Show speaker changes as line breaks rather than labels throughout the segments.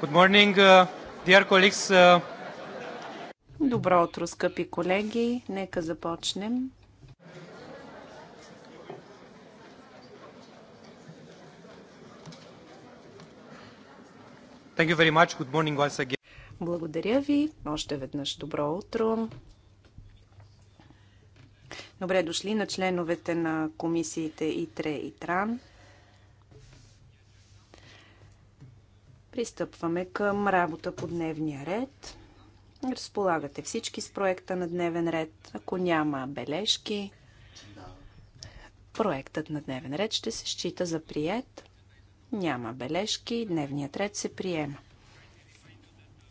Good morning, uh, dear colleagues. Uh, добро
утро, скъпи колеги. Нека започнем.
Thank you very much. Good morning once again. Благодаря
ви. Още веднъж добро утро. Добре дошли на членовете на комисиите ИТРЕ и ТРАН. Пристъпваме към работа по дневния ред. Разполагате всички с проекта на дневен ред. Ако няма бележки, проектът на дневен ред ще се счита за прият. Няма бележки, дневният ред се приема.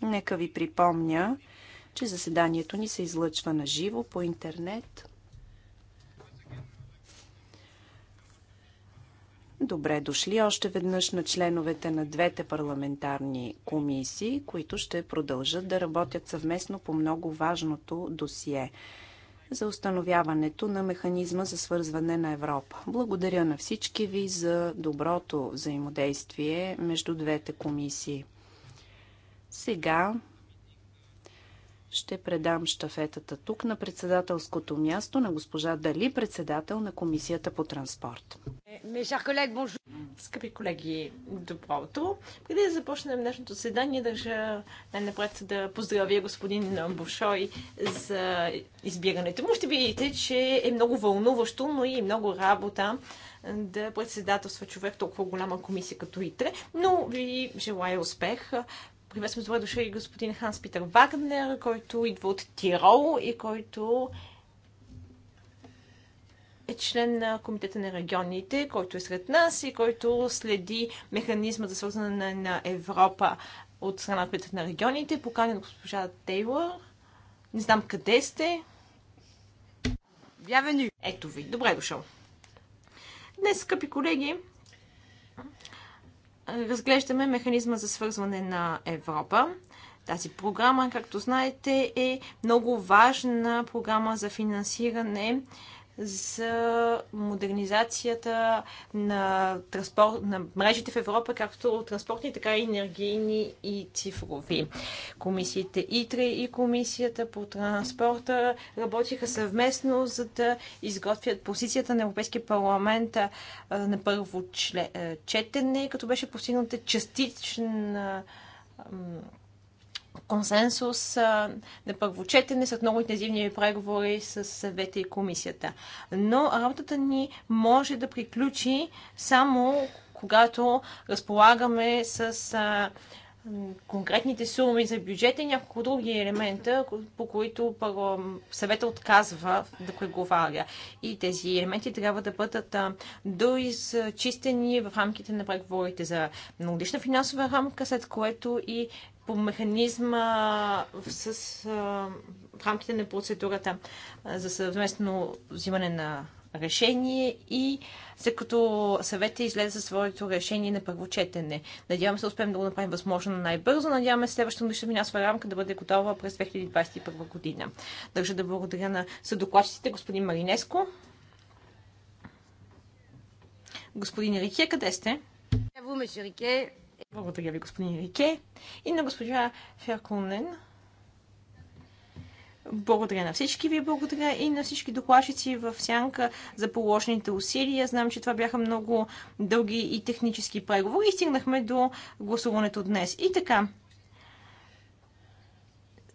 Нека ви припомня, че заседанието ни се излъчва на живо по интернет. Добре дошли още веднъж на членовете на двете парламентарни комисии, които ще продължат да работят съвместно по много важното досие за установяването на механизма за свързване на Европа. Благодаря на всички ви за доброто взаимодействие между двете комисии. Сега ще предам штафетата тук на председателското място на госпожа Дали, председател на Комисията по транспорт.
Скъпи колеги, добро утро. Преди да започнем днешното седание, държа най-напред да поздравя господин Бушой за избирането му. Ще видите, че е много вълнуващо, но и много работа да председателства човек толкова голяма комисия като ИТРЕ, но ви желая успех. Приветствам добре дошъл и господин Ханс Питер Вагнер, който идва от Тирол и който е член на Комитета на регионите, който е сред нас и който следи механизма за свързване на Европа от страна на Комитета на регионите. Поканен госпожа Тейлор. Не знам къде сте. Бявени! Ето ви. Добре дошъл. Днес, скъпи колеги, разглеждаме механизма за свързване на Европа. Тази програма, както знаете, е много важна програма за финансиране за модернизацията на, транспорт, на мрежите в Европа, както транспортни, така и енергийни и цифрови. Комисиите ИТРИ и Комисията по транспорта работиха съвместно, за да изготвят позицията на Европейския парламент на първо е, четене, като беше постигната частична консенсус на първо четене след много интензивни преговори с съвета и комисията. Но работата ни може да приключи само когато разполагаме с а, конкретните суми за бюджета и няколко други елемента, по които съвета отказва да преговаря. И тези елементи трябва да бъдат доизчистени в рамките на преговорите за многодишна финансова рамка, след което и по механизма с, а, в рамките на процедурата за съвместно взимане на решение и след като съвета излезе със своето решение на първо четене. Надяваме се успеем да го направим възможно най-бързо. Надяваме се следващата годишна финансова рамка да бъде готова през 2021 година. Държа да благодаря на съдокладчиците господин Маринеско. Господин Рике, къде сте? Я monsieur благодаря ви, господин Рике. И на госпожа Феркунен. Благодаря на всички ви, благодаря и на всички докладчици в Сянка за положените усилия. Знам, че това бяха много дълги и технически преговори и стигнахме до гласуването днес. И така,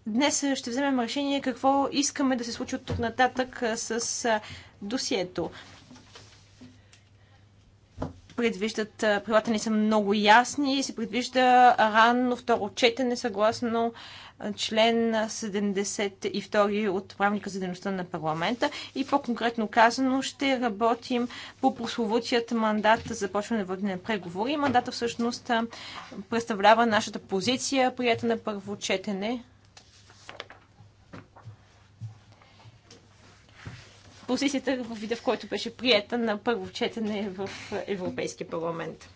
днес ще вземем решение какво искаме да се случи от тук нататък с досието предвиждат, правилата не са много ясни и се предвижда ранно второ четене съгласно член 72 от правника за дейността на парламента и по-конкретно казано ще работим по прословутият мандат за започване на на преговори. Мандата всъщност представлява нашата позиция, прията на първо четене позицията в вида, в който беше приета на първо четене в Европейския парламент.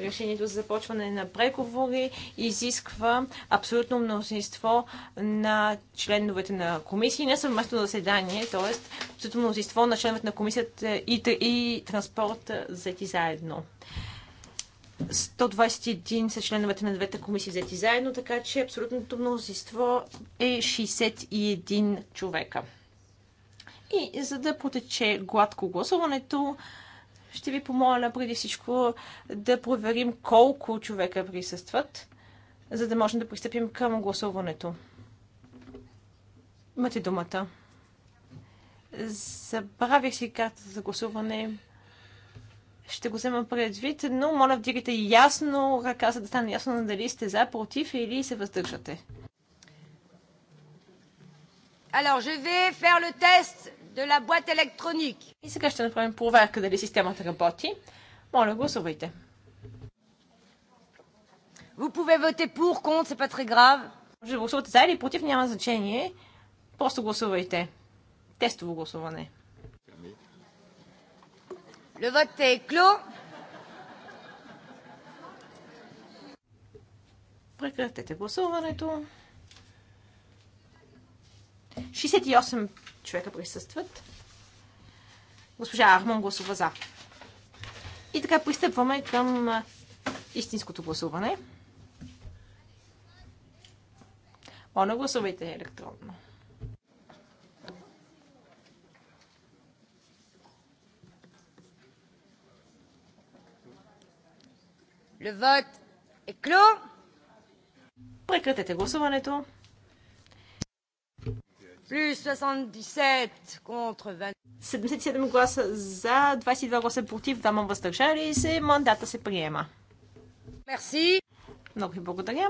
Решението за започване на преговори изисква абсолютно мнозинство на членовете на комисии, не съвместно заседание, т.е. абсолютно мнозинство на членовете на комисията и, и транспорт взети заедно. 121 са членовете на двете комисии взети заедно, така че абсолютното мнозинство е 61 човека. И за да протече гладко гласуването, ще ви помоля преди всичко да проверим колко човека присъстват, за да можем да пристъпим към гласуването. Имате думата. Забравих си карта за гласуване. Ще го взема предвид, но моля вдигайте ясно ръка, за да стане ясно дали сте за, против или се въздържате. Alors, je vais faire le test de la boîte И сега ще направим проверка дали системата работи. Моля, гласувайте. Vous pouvez voter pour, contre, c'est pas très grave. Може да гласувате за или против, няма значение. Просто гласувайте. Тестово гласуване. Le vote est clos. Прекратете гласуването. 68 човека присъстват. Госпожа Армон гласува за. И така пристъпваме към истинското гласуване. Моля, гласувайте електронно. Le е клю. Прекратете гласуването. Plus 77 contre 20. 77 гласа за, 22 гласа против, дама въздържали се. Мандата се приема. Мерси. Много ви благодаря.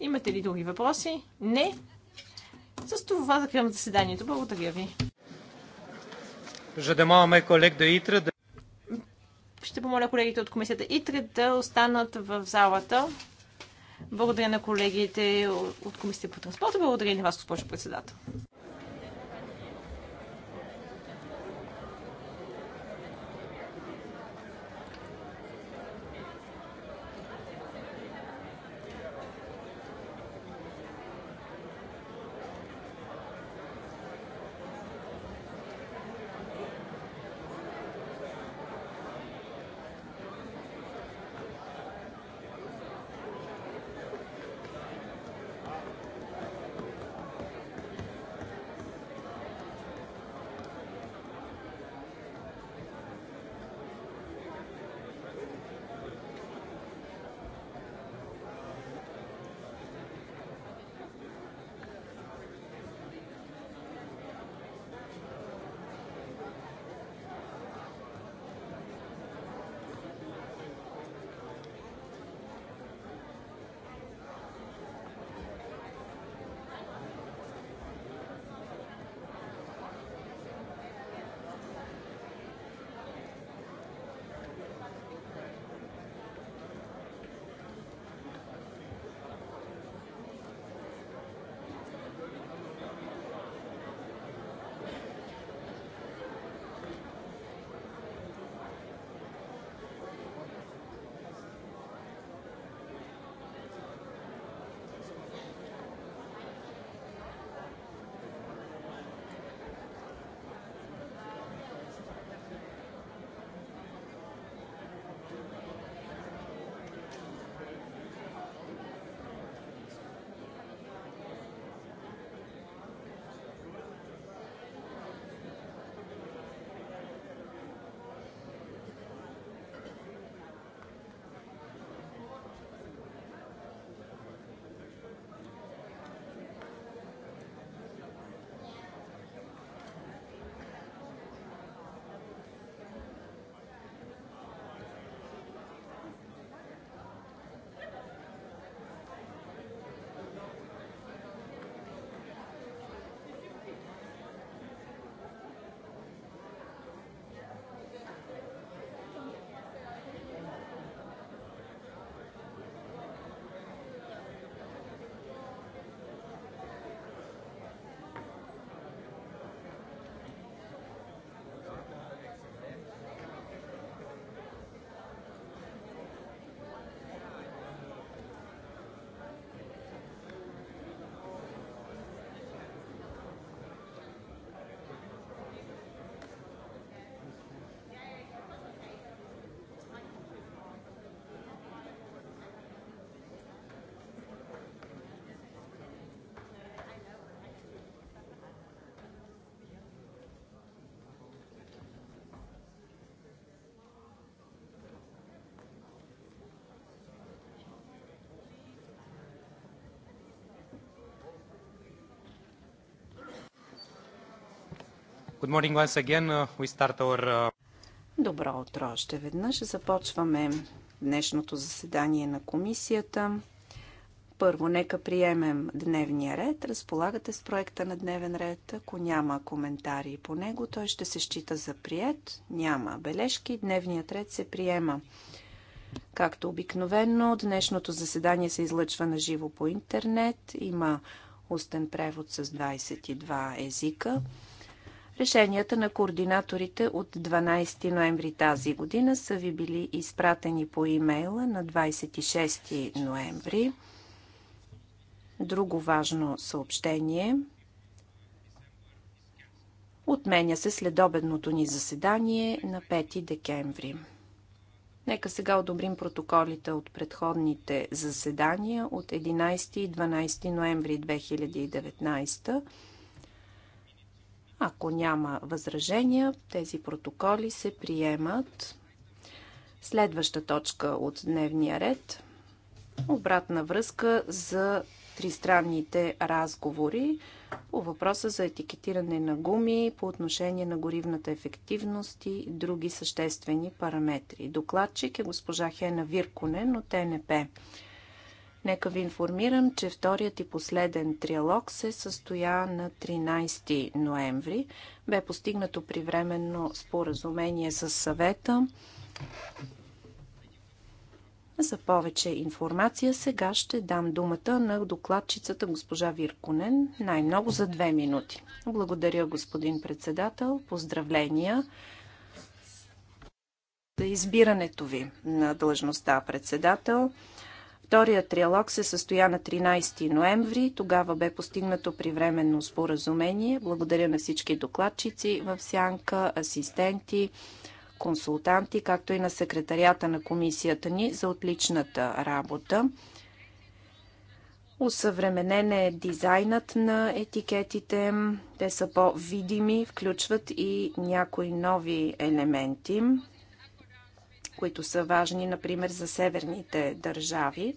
Имате ли други въпроси? Не. С това закривам заседанието. Благодаря ви. Ще помоля колегите от комисията ИТРЕ да останат в залата. Благодаря на колегите от Комисията по транспорта. Благодаря и на вас, госпожо председател.
Good morning once again. Uh, we start our... Uh,
Добро утро още веднъж. Започваме днешното заседание на комисията. Първо, нека приемем дневния ред. Разполагате с проекта на дневен ред. Ако няма коментари по него, той ще се счита за прият. Няма бележки. Дневният ред се приема. Както обикновено, днешното заседание се излъчва на живо по интернет. Има устен превод с 22 езика. Решенията на координаторите от 12 ноември тази година са ви били изпратени по имейла на 26 ноември. Друго важно съобщение. Отменя се следобедното ни заседание на 5 декември. Нека сега одобрим протоколите от предходните заседания от 11 и 12 ноември 2019 ако няма възражения, тези протоколи се приемат. Следваща точка от дневния ред. Обратна връзка за тристранните разговори по въпроса за етикетиране на гуми по отношение на горивната ефективност и други съществени параметри. Докладчик е госпожа Хена Вирконен от ТНП. Нека ви информирам, че вторият и последен триалог се състоя на 13 ноември. Бе постигнато привременно споразумение с съвета. За повече информация сега ще дам думата на докладчицата госпожа Вирконен, най-много за две минути. Благодаря, господин председател. Поздравления за избирането ви на длъжността председател. Вторият триалог се състоя на 13 ноември. Тогава бе постигнато привременно споразумение. Благодаря на всички докладчици в Сянка, асистенти, консултанти, както и на секретарията на комисията ни за отличната работа. Усъвременен е дизайнът на етикетите. Те са по-видими, включват и някои нови елементи които са важни, например, за северните държави.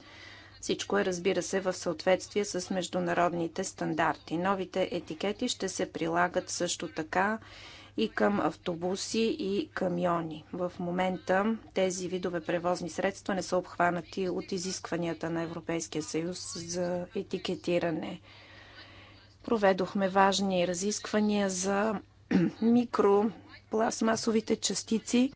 Всичко е, разбира се, в съответствие с международните стандарти. Новите етикети ще се прилагат също така и към автобуси и камиони. В момента тези видове превозни средства не са обхванати от изискванията на Европейския съюз за етикетиране. Проведохме важни разисквания за микропластмасовите частици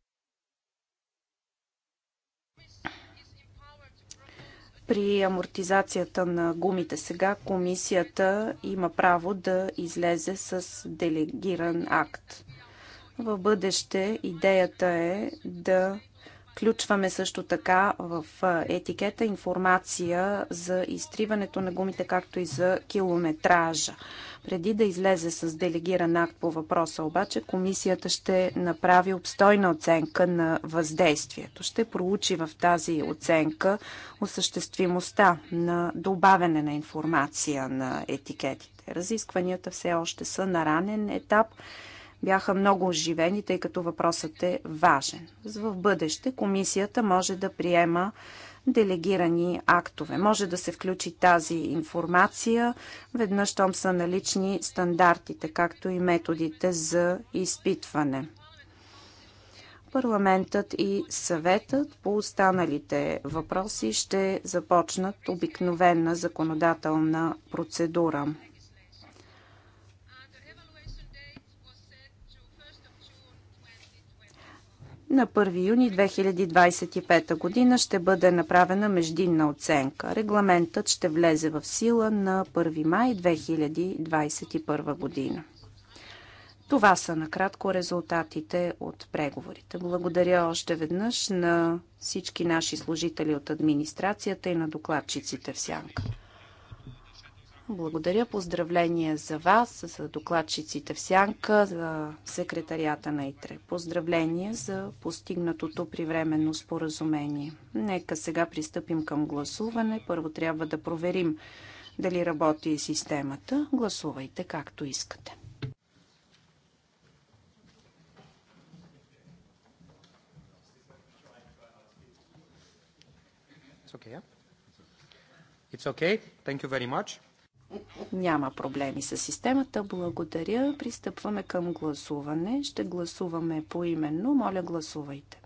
при амортизацията на гумите сега комисията има право да излезе с делегиран акт. В бъдеще идеята е да Включваме също така в етикета информация за изтриването на гумите, както и за километража. Преди да излезе с делегиран акт по въпроса обаче, комисията ще направи обстойна оценка на въздействието. Ще проучи в тази оценка осъществимостта на добавяне на информация на етикетите. Разискванията все още са на ранен етап бяха много оживени, тъй като въпросът е важен. В бъдеще комисията може да приема делегирани актове. Може да се включи тази информация, веднъж щом са налични стандартите, както и методите за изпитване. Парламентът и съветът по останалите въпроси ще започнат обикновена законодателна процедура. На 1 юни 2025 година ще бъде направена междинна оценка. Регламентът ще влезе в сила на 1 май 2021 година. Това са накратко резултатите от преговорите. Благодаря още веднъж на всички наши служители от администрацията и на докладчиците в Сянка. Благодаря. Поздравления за вас, за докладчиците в Сянка, за секретарията на ИТРЕ. Поздравление за постигнатото привременно споразумение. Нека сега пристъпим към гласуване. Първо трябва да проверим дали работи системата. Гласувайте както искате.
It's okay. It's okay. Thank you very much.
Няма проблеми с системата. Благодаря. Пристъпваме към гласуване. Ще гласуваме поименно. Моля, гласувайте.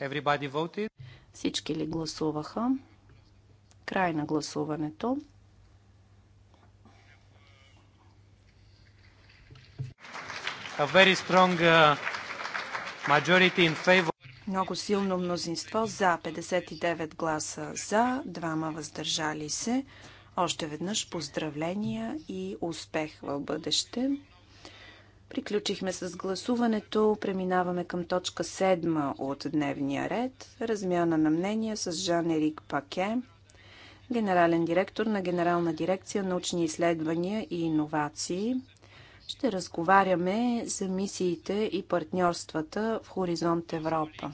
Everybody voted.
Всички ли гласуваха? Край на гласуването.
A very strong uh, majority in favor.
Много силно мнозинство за 59 гласа за, двама въздържали се. Още веднъж поздравления и успех в бъдеще. Приключихме с гласуването. Преминаваме към точка 7 от дневния ред. Размяна на мнения с Жан-Ерик Паке, генерален директор на Генерална дирекция научни изследвания и иновации. Ще разговаряме за мисиите и партньорствата в Хоризонт Европа.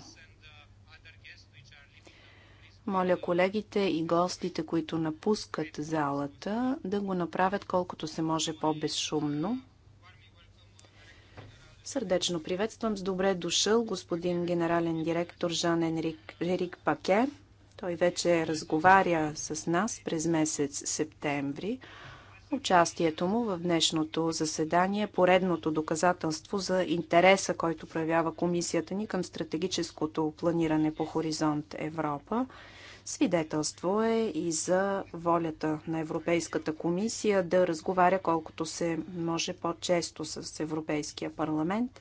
Моля колегите и гостите, които напускат залата, да го направят колкото се може по-безшумно. Сърдечно приветствам с добре дошъл господин генерален директор Жан Енрик Рерик Паке. Той вече разговаря с нас през месец септември. Участието му в днешното заседание е поредното доказателство за интереса, който проявява комисията ни към стратегическото планиране по Хоризонт Европа. Свидетелство е и за волята на Европейската комисия да разговаря колкото се може по-често с Европейския парламент.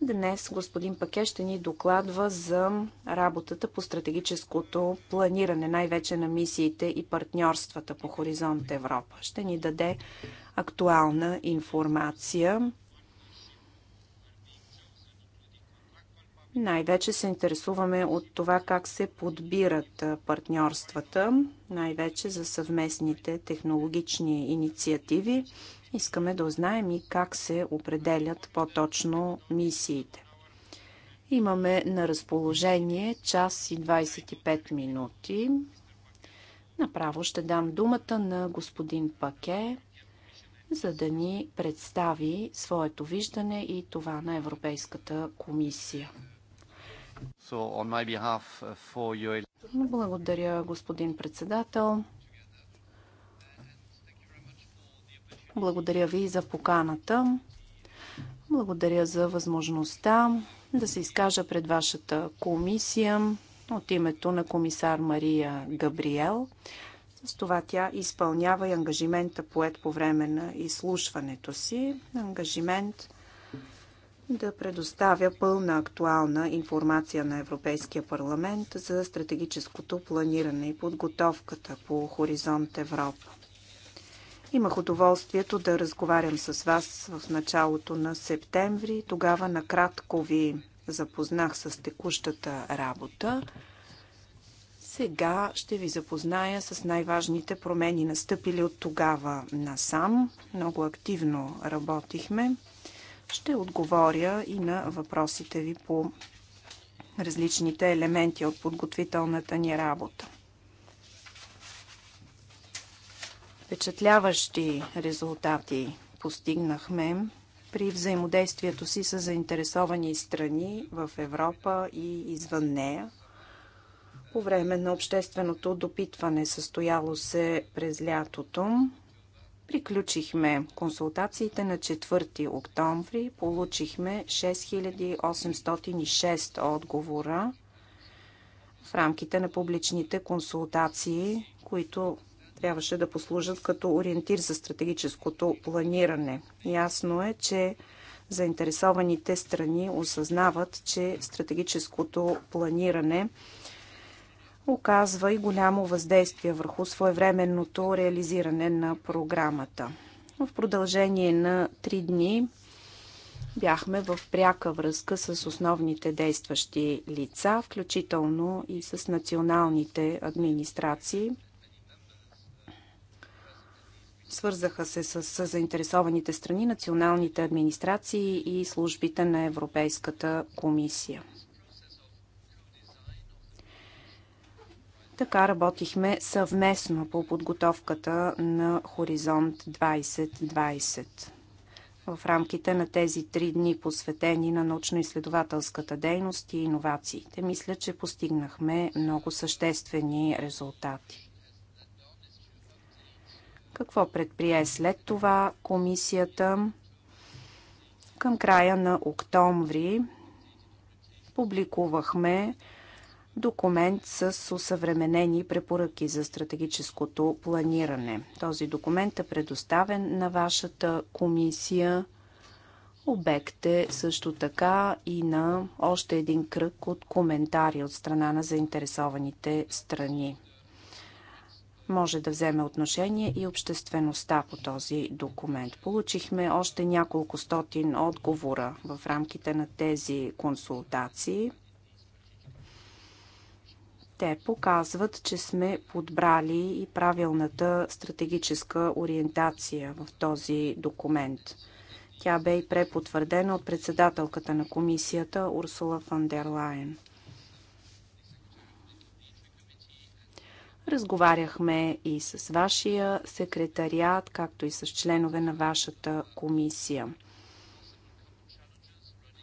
Днес господин Паке ще ни докладва за работата по стратегическото планиране, най-вече на мисиите и партньорствата по Хоризонт Европа. Ще ни даде актуална информация Най-вече се интересуваме от това как се подбират партньорствата, най-вече за съвместните технологични инициативи. Искаме да узнаем и как се определят по-точно мисиите. Имаме на разположение час и 25 минути. Направо ще дам думата на господин Паке, за да ни представи своето виждане и това на Европейската комисия.
Uh,
Благодаря, господин председател. Благодаря ви за поканата. Благодаря за възможността да се изкажа пред вашата комисия от името на комисар Мария Габриел. С това тя изпълнява и ангажимента поет по време на изслушването си. Ангажимент, да предоставя пълна актуална информация на Европейския парламент за стратегическото планиране и подготовката по Хоризонт Европа. Имах удоволствието да разговарям с вас в началото на септември. Тогава накратко ви запознах с текущата работа. Сега ще ви запозная с най-важните промени, настъпили от тогава насам. Много активно работихме. Ще отговоря и на въпросите ви по различните елементи от подготвителната ни работа. Впечатляващи резултати постигнахме при взаимодействието си с заинтересовани страни в Европа и извън нея. По време на общественото допитване, състояло се през лятото, Приключихме консултациите на 4 октомври. Получихме 6806 отговора в рамките на публичните консултации, които трябваше да послужат като ориентир за стратегическото планиране. Ясно е, че заинтересованите страни осъзнават, че стратегическото планиране – оказва и голямо въздействие върху своевременното реализиране на програмата. В продължение на три дни бяхме в пряка връзка с основните действащи лица, включително и с националните администрации. Свързаха се с, заинтересованите страни, националните администрации и службите на Европейската комисия. Така работихме съвместно по подготовката на Хоризонт 2020. В рамките на тези три дни, посветени на научно-изследователската дейност и иновациите, мисля, че постигнахме много съществени резултати. Какво предприе след това комисията? Към края на октомври публикувахме документ с усъвременени препоръки за стратегическото планиране. Този документ е предоставен на вашата комисия. Обект е също така и на още един кръг от коментари от страна на заинтересованите страни. Може да вземе отношение и обществеността по този документ. Получихме още няколко стотин отговора в рамките на тези консултации – те показват, че сме подбрали и правилната стратегическа ориентация в този документ. Тя бе и препотвърдена от председателката на комисията Урсула Фандерлайн. Разговаряхме и с вашия секретариат, както и с членове на вашата комисия.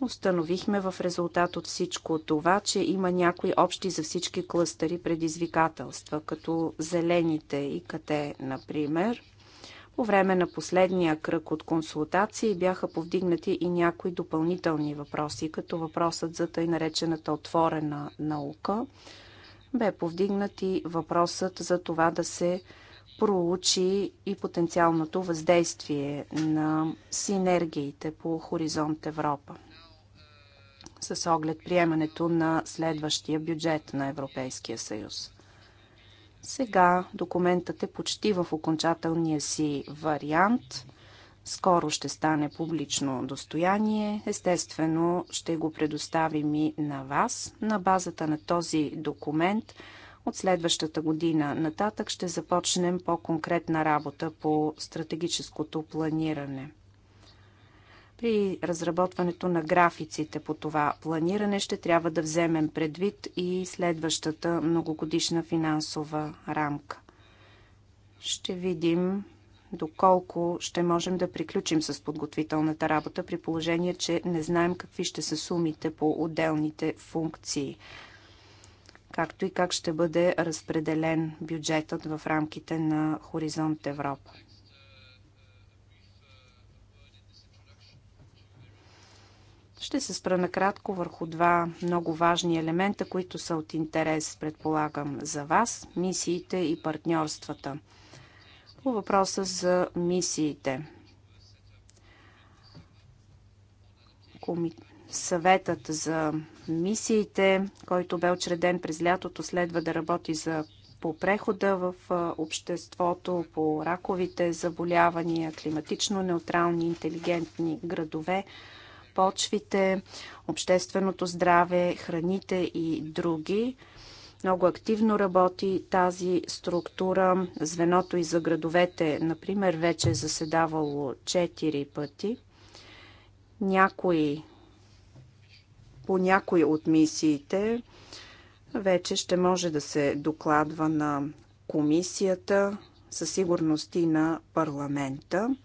Установихме в резултат от всичко това, че има някои общи за всички клъстери предизвикателства, като зелените и кате, например. По време на последния кръг от консултации бяха повдигнати и някои допълнителни въпроси, като въпросът за тъй наречената отворена наука. Бе повдигнат и въпросът за това да се проучи и потенциалното въздействие на синергиите по Хоризонт Европа с оглед приемането на следващия бюджет на Европейския съюз. Сега документът е почти в окончателния си вариант. Скоро ще стане публично достояние. Естествено, ще го предоставим и на вас. На базата на този документ от следващата година нататък ще започнем по-конкретна работа по стратегическото планиране. При разработването на графиците по това планиране ще трябва да вземем предвид и следващата многогодишна финансова рамка. Ще видим доколко ще можем да приключим с подготвителната работа при положение, че не знаем какви ще са сумите по отделните функции, както и как ще бъде разпределен бюджетът в рамките на Хоризонт Европа. Ще се спра накратко върху два много важни елемента, които са от интерес, предполагам, за вас – мисиите и партньорствата. По въпроса за мисиите. Съветът за мисиите, който бе учреден през лятото, следва да работи за по прехода в обществото, по раковите заболявания, климатично неутрални, интелигентни градове – почвите, общественото здраве, храните и други. Много активно работи тази структура. Звеното и за градовете, например, вече е заседавало 4 пъти. Някои, по някои от мисиите вече ще може да се докладва на комисията, със сигурност и на парламента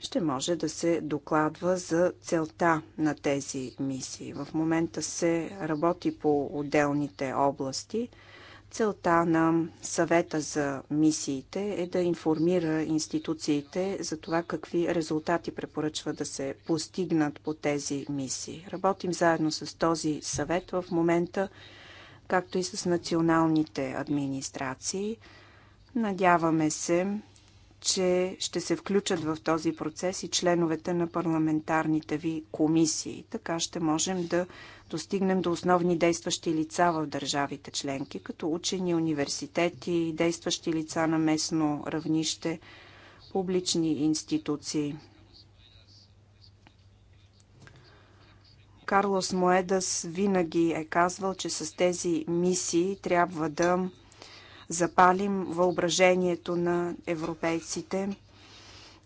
ще може да се докладва за целта на тези мисии. В момента се работи по отделните области. Целта на съвета за мисиите е да информира институциите за това какви резултати препоръчва да се постигнат по тези мисии. Работим заедно с този съвет в момента, както и с националните администрации. Надяваме се че ще се включат в този процес и членовете на парламентарните ви комисии. Така ще можем да достигнем до основни действащи лица в държавите членки, като учени, университети, действащи лица на местно равнище, публични институции. Карлос Моедас винаги е казвал, че с тези мисии трябва да запалим въображението на европейците,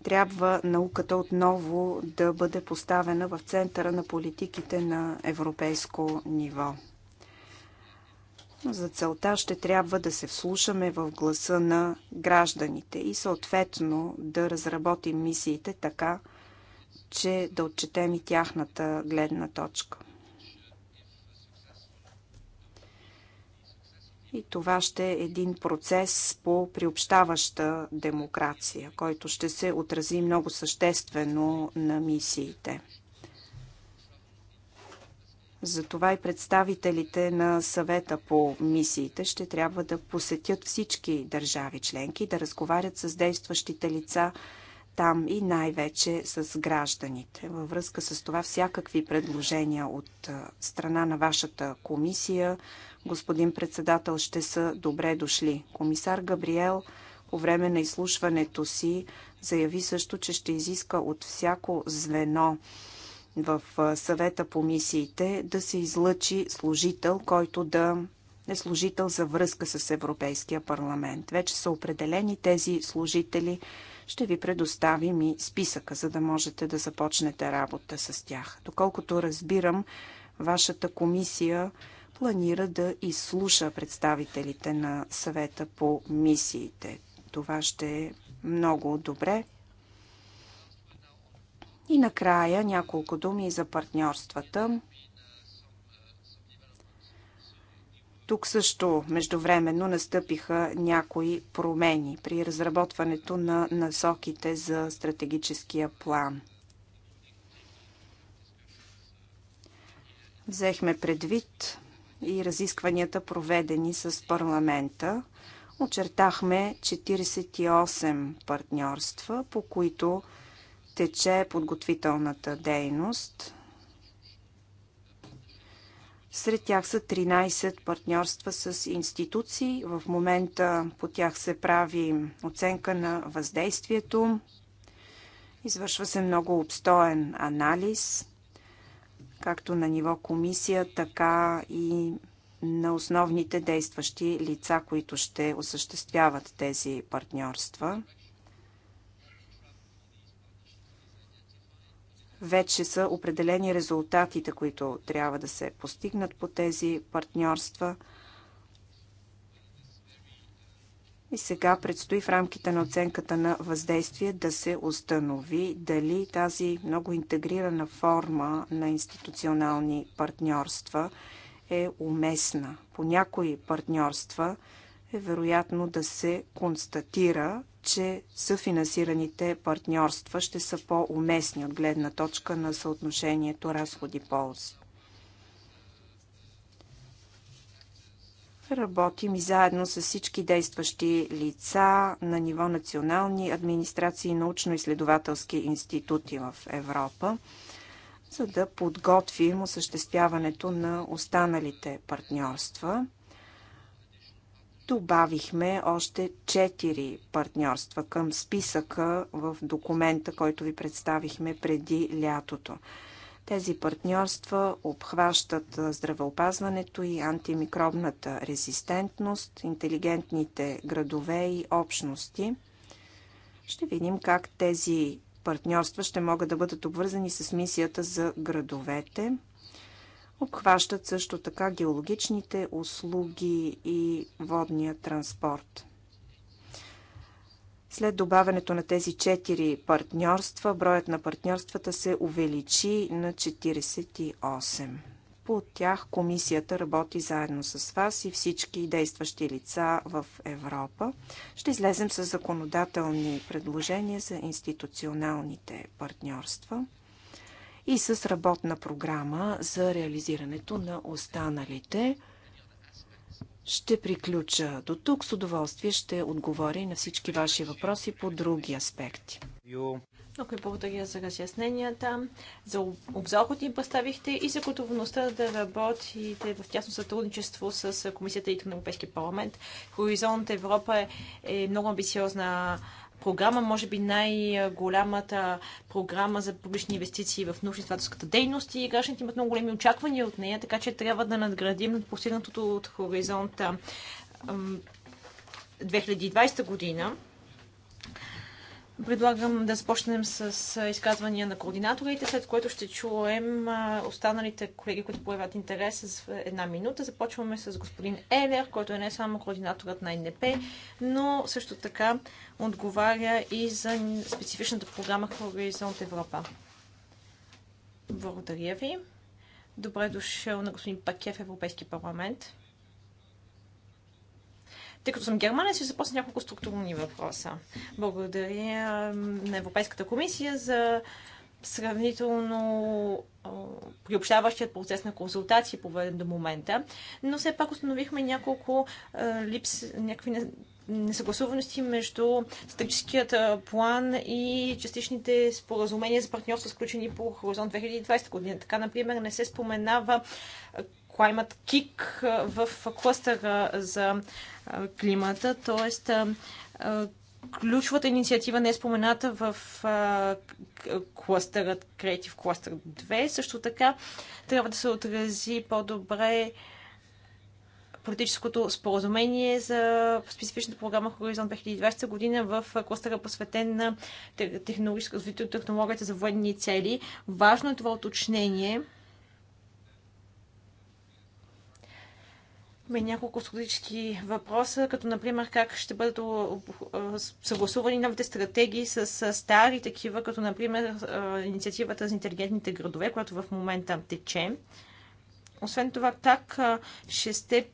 трябва науката отново да бъде поставена в центъра на политиките на европейско ниво. За целта ще трябва да се вслушаме в гласа на гражданите и съответно да разработим мисиите така, че да отчетем и тяхната гледна точка. И това ще е един процес по приобщаваща демокрация, който ще се отрази много съществено на мисиите. Затова и представителите на съвета по мисиите ще трябва да посетят всички държави членки, да разговарят с действащите лица там и най-вече с гражданите. Във връзка с това всякакви предложения от страна на вашата комисия господин председател, ще са добре дошли. Комисар Габриел по време на изслушването си заяви също, че ще изиска от всяко звено в съвета по мисиите да се излъчи служител, който да е служител за връзка с Европейския парламент. Вече са определени тези служители. Ще ви предоставим и списъка, за да можете да започнете работа с тях. Доколкото разбирам, вашата комисия планира да изслуша представителите на съвета по мисиите. Това ще е много добре. И накрая няколко думи за партньорствата. Тук също междувременно настъпиха някои промени при разработването на насоките за стратегическия план. Взехме предвид и разискванията проведени с парламента. Очертахме 48 партньорства, по които тече подготвителната дейност. Сред тях са 13 партньорства с институции. В момента по тях се прави оценка на въздействието. Извършва се много обстоен анализ както на ниво комисия, така и на основните действащи лица, които ще осъществяват тези партньорства. Вече са определени резултатите, които трябва да се постигнат по тези партньорства – И сега предстои в рамките на оценката на въздействие да се установи дали тази много интегрирана форма на институционални партньорства е уместна. По някои партньорства е вероятно да се констатира, че съфинансираните партньорства ще са по-уместни от гледна точка на съотношението разходи-ползи. Работим и заедно с всички действащи лица на ниво национални администрации и научно-изследователски институти в Европа, за да подготвим осъществяването на останалите партньорства. Добавихме още 4 партньорства към списъка в документа, който ви представихме преди лятото. Тези партньорства обхващат здравеопазването и антимикробната резистентност, интелигентните градове и общности. Ще видим как тези партньорства ще могат да бъдат обвързани с мисията за градовете. Обхващат също така геологичните услуги и водния транспорт. След добавянето на тези 4 партньорства, броят на партньорствата се увеличи на 48. По тях комисията работи заедно с вас и всички действащи лица в Европа. Ще излезем с законодателни предложения за институционалните партньорства и с работна програма за реализирането на останалите. Ще приключа до тук. С удоволствие ще отговоря и на всички ваши въпроси по други аспекти.
Много ви
благодаря за разясненията, за обзор, който им поставихте и за готовността да работите в тясно сътрудничество с Комисията и Европейския парламент. Хоризонт Европа е, е много амбициозна програма, може би най-голямата програма за публични инвестиции в научно-изследователската дейност и гражданите имат много големи очаквания от нея, така че трябва да надградим над постигнатото от хоризонта 2020 година. Предлагам да започнем с изказвания на координаторите, след което ще чуем останалите колеги, които появят интерес с една минута. Започваме с господин Елер, който е не само координаторът на НДП, но също така отговаря и за специфичната програма Хоризонт Европа. Благодаря ви. Добре дошъл на господин Пакев Европейски парламент. Тъй като съм германец, ще започна няколко структурни въпроса. Благодаря на Европейската комисия за сравнително приобщаващият процес на консултации, поведен до момента, но все пак установихме няколко липс, някакви несъгласуваности между стратегическият план и частичните споразумения за партньорство, сключени по Хоризонт 2020 година. Така, например, не се споменава Climate Kick в клъстъра за климата, т.е. ключовата инициатива не е спомената в клъстъра Creative Cluster 2. Също така трябва да се отрази по-добре политическото споразумение за специфичната програма Хоризонт 2020 година в кластъра посветен на развитието технологията за военни цели. Важно е това уточнение, имахме няколко стратегически въпроса, като например как ще бъдат съгласувани новите стратегии с стари такива, като например инициативата за интелигентните градове, която в момента тече. Освен това, как ще сте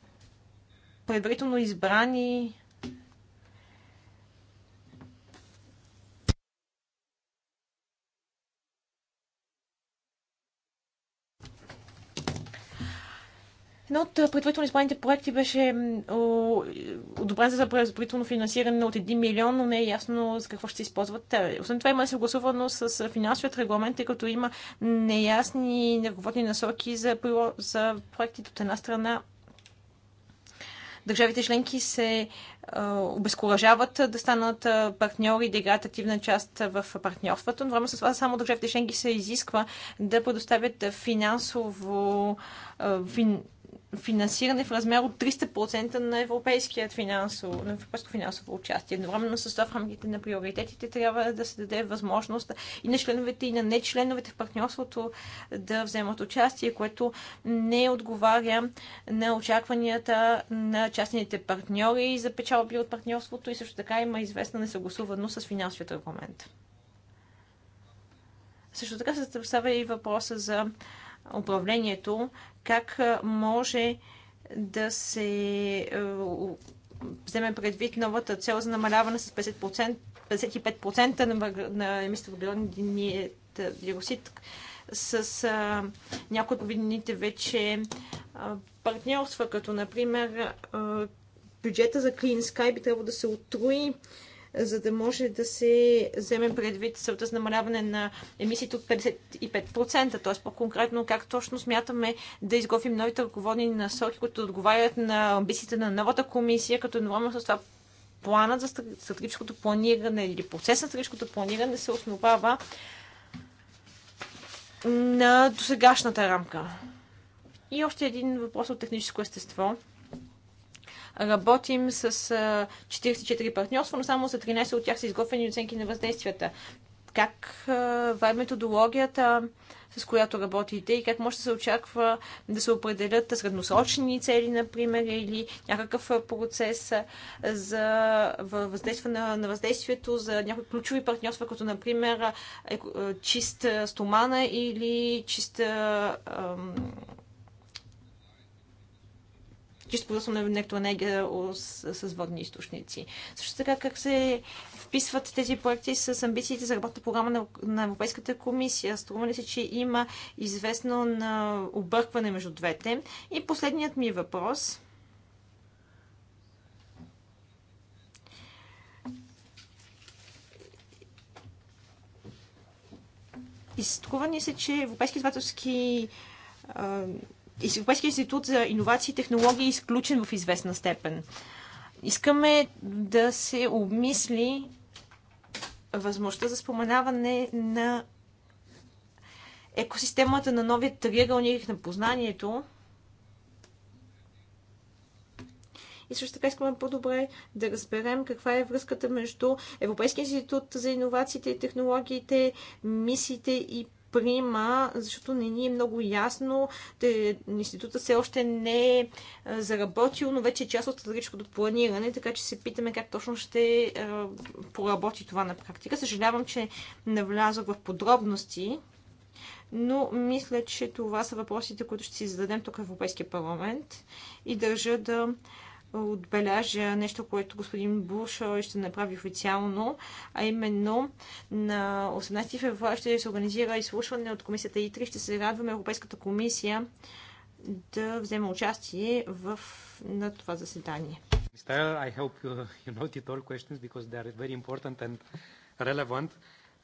предварително избрани Едно от предварително избраните проекти беше одобрен за предварително финансиране от 1 милион, но не е ясно за какво ще се използват Освен това има съгласувано с финансовият регламент, тъй като има неясни ръководни насоки за, за проектите от една страна държавите членки се обезкуражават да станат партньори и да играят активна част в партньорството. Но време с това само държавите членки се изисква да предоставят финансово фин, финансиране в размер от 300% на европейският финансово, на европейско финансово участие. Едновременно с това в рамките на приоритетите трябва да се даде възможност и на членовете, и на нечленовете в партньорството да вземат участие, което не отговаря на очакванията на частните партньори за печалби от партньорството и също така има известна несъгласуваност с финансовият регламент. Също така се става и въпроса за управлението, как може да се е, вземе предвид новата цел за намаляване с 50%, 55% на, на емисията въглероден диоксид с а, някои от видените вече а, партньорства, като например а, бюджета за Clean Sky би трябвало да се отруи за да може да се вземе предвид целта с намаляване на емисиите от 55%, т.е. по-конкретно как точно смятаме да изготвим новите ръководни насоки, които отговарят на амбициите на новата комисия, като едновременно с това планът за стратегическото планиране или процес на стратегическото планиране се основава на досегашната рамка. И още един въпрос от техническо естество – Работим с 44 партньорства, но само за 13 от тях са изготвени оценки на въздействията. Как ва е методологията, с която работите и как може да се очаква да се определят средносрочни цели, например, или някакъв процес за въздействие на, на въздействието за някои ключови партньорства, като, например, чист стомана или чист чисто производство на електроенергия с, с водни източници. Също така как се вписват тези проекти с амбициите за работна програма на, на Европейската комисия. Струва ли се, че има известно на объркване между двете? И последният ми въпрос. Изтрува ни се, че Европейски извателски Европейския институт за иновации и технологии е изключен в известна степен. Искаме да се обмисли възможността за споменаване на екосистемата на новия триъгълник на познанието. И също така искаме по-добре да разберем каква е връзката между Европейския институт за иновациите и технологиите, мисиите и приема, защото не ни е много ясно. Те, института все още не е заработил, но вече е част от стратегическото планиране, така че се питаме как точно ще е, поработи това на практика. Съжалявам, че не влязох в подробности, но мисля, че това са въпросите, които ще си зададем тук в Европейския парламент и държа да отбележа нещо, което господин Буш ще направи официално, а именно на 18 февруари ще се организира изслушване от комисията ИТРИ. Ще се радваме Европейската комисия да вземе участие в, на това заседание.
I hope you, you all questions because they are very important and relevant.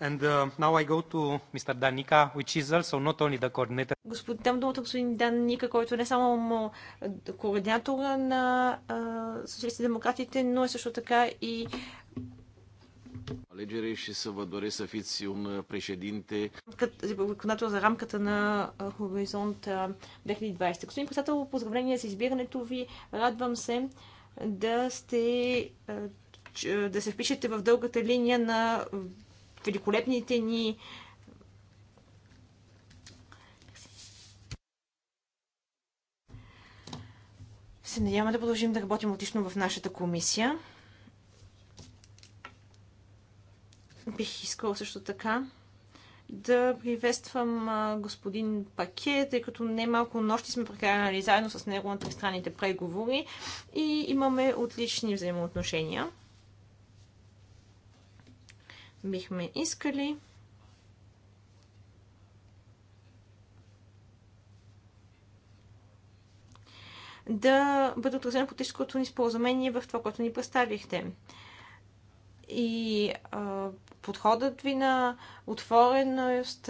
And uh, now I go to Mr. Danica, which is also not only the coordinator. Господин,
дам думата господин Даника, който е не само координатора на социалистите демократите, но е също така и
alegere și să vă doresc să fiți un uh, președinte.
Кандидатът за рамката на Хоризонт 2020. Господин председател, поздравление за избирането ви. Радвам се да сте да се впишете в дългата линия на великолепните ни се надяваме да продължим да работим отлично в нашата комисия. Бих искала също така да приветствам господин Паке, тъй като не малко нощи сме прекарали заедно с него на тристранните преговори и имаме отлични взаимоотношения бихме искали да бъде отразено политическото ни споразумение в това, което ни представихте и а, подходът ви на отвореност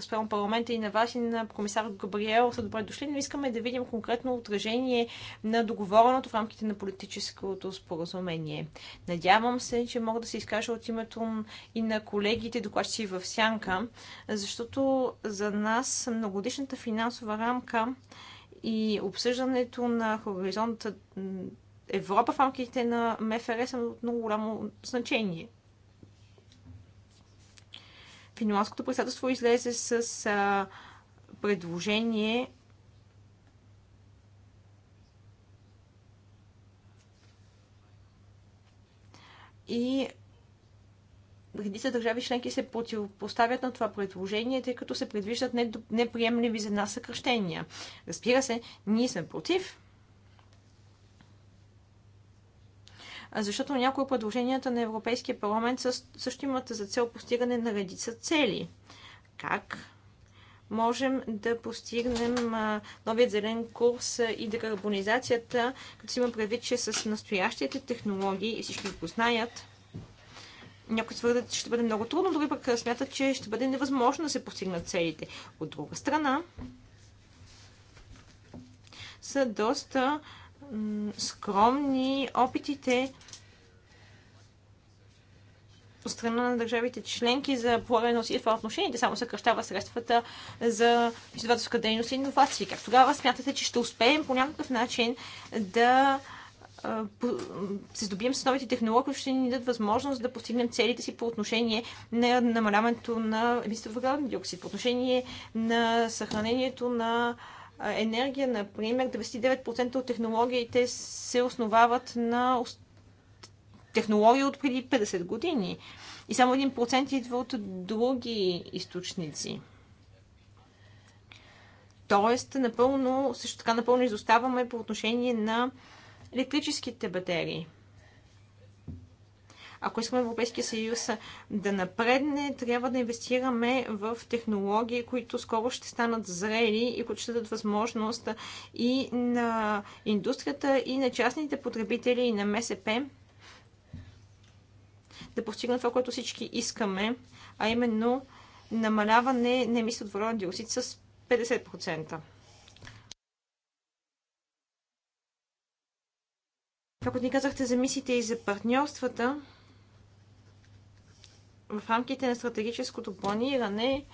спрямо парламента и на вас и на комисар Габриел са добре дошли, но искаме да видим конкретно отражение на договореното в рамките на политическото споразумение. Надявам се, че мога да се изкажа от името и на колегите, докладчици в Сянка, защото за нас многодишната финансова рамка и обсъждането на хоризонта Европа в рамките на МФР са от много голямо значение. Финландското председателство излезе с а, предложение и редица държави членки се противопоставят на това предложение, тъй като се предвиждат неприемливи за нас съкръщения. Разбира се, ние сме против, защото някои от предложенията на Европейския парламент също имат за цел постигане на редица цели. Как можем да постигнем новият зелен курс и декарбонизацията, като си има предвид, че с настоящите технологии, и всички го знаят, някои твърдят, че ще бъде много трудно, други пък смятат, че ще бъде невъзможно да се постигнат целите. От друга страна, са доста скромни опитите от страна на държавите членки за полагане на усилия в това отношение. Те само съкръщава средствата за изследователска дейност и иновации. Как тогава смятате, че ще успеем по някакъв начин да се здобием с новите технологии, които ще ни дадат възможност да постигнем целите си по отношение на намаляването на емисията въглероден диоксид, по отношение на съхранението на енергия, например, 99% от технологиите се основават на технологии от преди 50 години. И само 1% идва от други източници. Тоест, напълно, също така напълно изоставаме по отношение на електрическите батерии. Ако искаме Европейския съюз да напредне, трябва да инвестираме в технологии, които скоро ще станат зрели и които ще дадат възможност и на индустрията, и на частните потребители, и на МСП да постигнат това, което всички искаме, а именно намаляване на емисията от въглероден диоксид с 50%. Ако ни казахте за мисиите и за партньорствата, в рамките на стратегическото планиране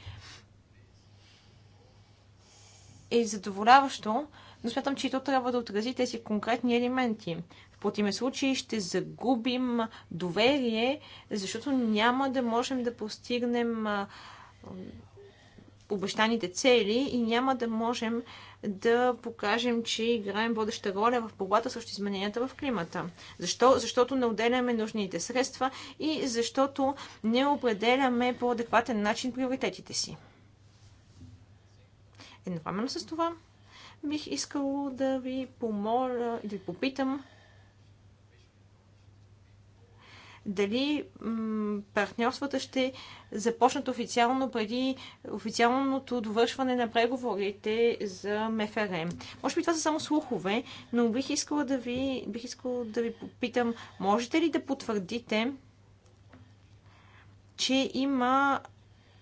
е задоволяващо, но смятам, че и то трябва да отрази тези конкретни елементи. В противен случай ще загубим доверие, защото няма да можем да постигнем обещаните цели и няма да можем да покажем, че играем водеща роля в борбата срещу измененията в климата. Защо? Защото не отделяме нужните средства и защото не определяме по адекватен начин приоритетите си. Едновременно с това бих искала да ви помоля и да ви попитам дали партньорствата ще започнат официално преди официалното довършване на преговорите за МФРМ. Може би това са само слухове, но бих искала да ви, бих искала да ви попитам, можете ли да потвърдите, че има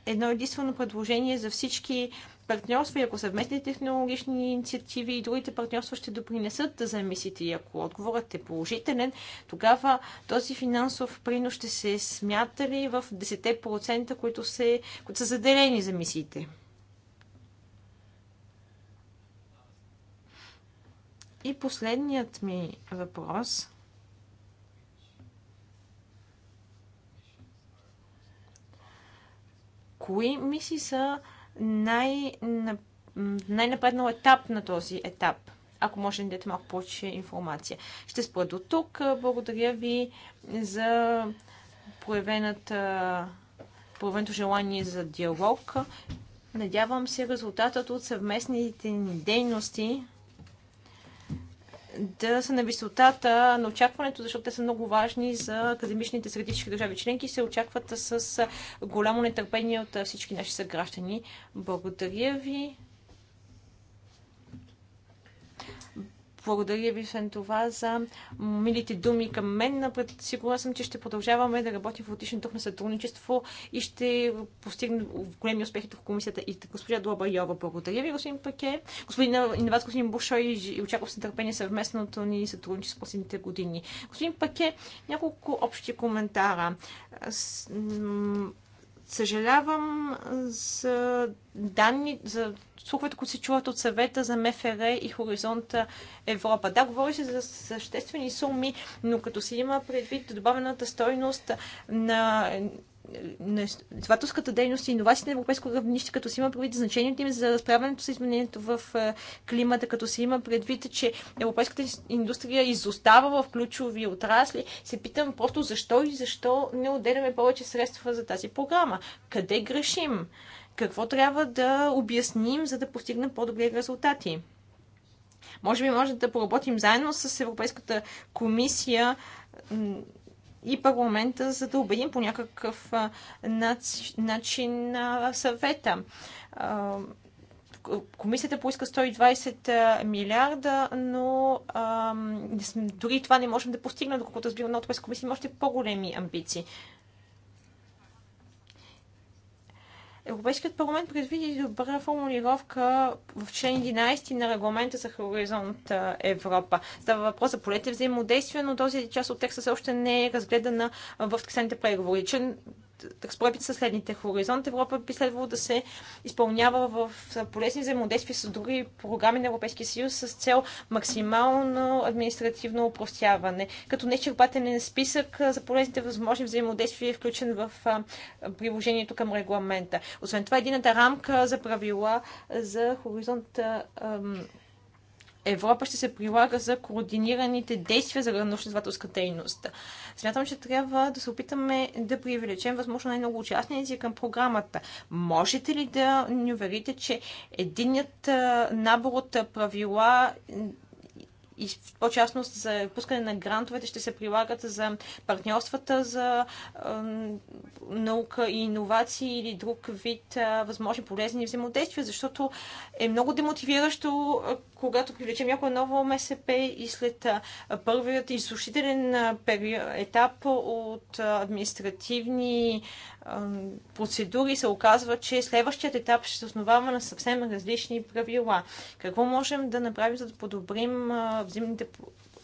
едно единствено предложение за всички партньорства и ако съвместни технологични инициативи и другите партньорства ще допринесат за емисиите и ако отговорът е положителен, тогава този финансов принос ще се смята ли в 10%, които, се, които са заделени за емисиите? И последният ми въпрос – кои мисии са най- най-напреднал етап на този етап. Ако може да дадете малко повече информация. Ще спра до тук. Благодаря ви за проявената, проявеното желание за диалог. Надявам се резултатът от съвместните ни дейности да са на висотата на очакването, защото те са много важни за академичните средички държави членки и се очакват с голямо нетърпение от всички наши съграждани. Благодаря ви. Благодаря ви, освен това, за милите думи към мен. Напред Сигурна съм, че ще продължаваме да работим в отличен дух на сътрудничество и ще постигнем големи успехи в комисията. И госпожа Дуаба Йова, благодаря ви, господин Паке. Господин Инноват, господин Бушой, и очаквам с нетърпение съвместното ни сътрудничество в последните години. Господин Паке, няколко общи коментара Съжалявам за данни, за слуховете, които се чуват от съвета за МФР и Хоризонта Европа. Да, говори се за съществени суми, но като се има предвид добавената стойност на изследователската дейност и иновациите на европейско равнище, като се има предвид значението им за справянето с изменението в е, климата, като се има предвид, че европейската индустрия изостава в ключови отрасли, се питам просто защо и защо не отделяме повече средства за тази програма. Къде грешим? Какво трябва да обясним, за да постигнем по-добри резултати? Може би може да поработим заедно с Европейската комисия и парламента, за да убедим по някакъв начин на съвета. Комисията поиска 120 милиарда, но ам, дори това не можем да постигнем, доколкото разбирам, но от комисия има още по-големи амбиции. Европейският парламент предвиди добра формулировка в член 11 на регламента за Хоризонт Европа. Става въпрос за полете взаимодействие, но този част от текста все още не е разгледана в текстаните преговори. Член разпоредбите са следните. Хоризонт Европа би следвало да се изпълнява в полезни взаимодействия с други програми на Европейския съюз с цел максимално административно упростяване. Като нечерпателен списък за полезните възможни взаимодействия е включен в приложението към регламента. Освен това, едината рамка за правила за Хоризонт Европа ще се прилага за координираните действия за научно-изследователска дейност. Смятам, че трябва да се опитаме да привлечем възможно най-много участници към програмата. Можете ли да ни уверите, че единият набор от правила и по-частност за пускане на грантовете ще се прилагат за партньорствата за наука и иновации или друг вид възможни полезни взаимодействия, защото е много демотивиращо, когато привлечем някое ново МСП и след първият изсушителен етап от административни процедури се оказва, че следващият етап ще се основава на съвсем различни правила. Какво можем да направим, за да подобрим взаимните,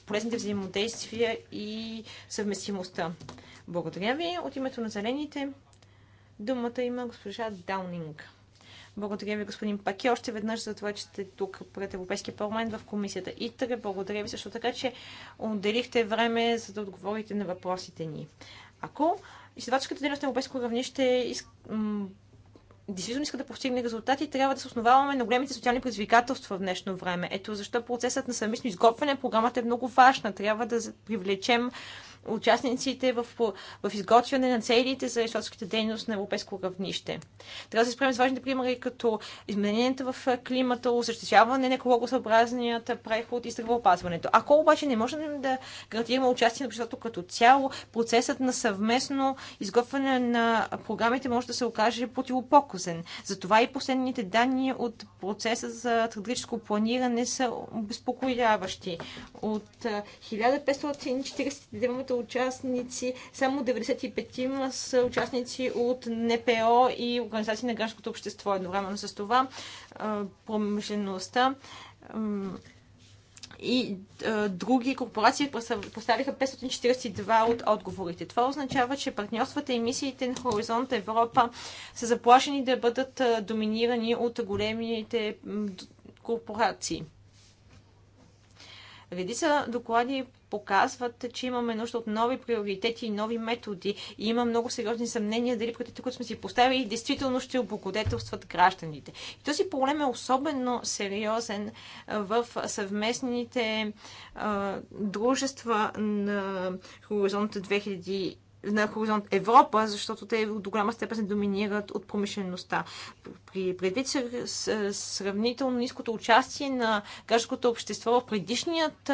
полезните взаимодействия и съвместимостта. Благодаря ви. От името на зелените думата има госпожа Даунинг. Благодаря ви, господин Паки, още веднъж за това, че сте тук пред Европейския парламент в комисията ИТРЕ. Благодаря ви също така, че отделихте време, за да отговорите на въпросите ни. Ако изследователската дейност на европейско равнище действително иска да постигне резултати, трябва да се основаваме на големите социални предизвикателства в днешно време. Ето защо процесът на съвместно изготвяне на програмата е много важна. Трябва да привлечем участниците в, в изготвяне на целите за ресурската дейност на европейско равнище. Трябва да се справим с важни примери, като измененията в климата, осъществяване на екологосъобразният преход и здравеопазването. Ако обаче не можем да гарантираме участие на обществото като цяло, процесът на съвместно изготвяне на програмите може да се окаже противопокозен. Затова и последните данни от процеса за стратегическо планиране са обезпокояващи. От 1549 е, тримата участници, само 95 са участници от НПО и организации на гражданското общество. Едновременно с това промишлеността и други корпорации поставиха 542 от отговорите. Това означава, че партньорствата и мисиите на Хоризонт Европа са заплашени да бъдат доминирани от големите корпорации. Редица доклади показват, че имаме нужда от нови приоритети и нови методи. И има много сериозни съмнения дали приоритетите, които сме си поставили, действително ще облагодетелстват гражданите. И този проблем е особено сериозен в съвместните а, дружества на Хоризонт 2000 на Хоризонт Европа, защото те до голяма степен се доминират от промишлеността. При предвид сравнително ниското участие на гражданското общество в предишният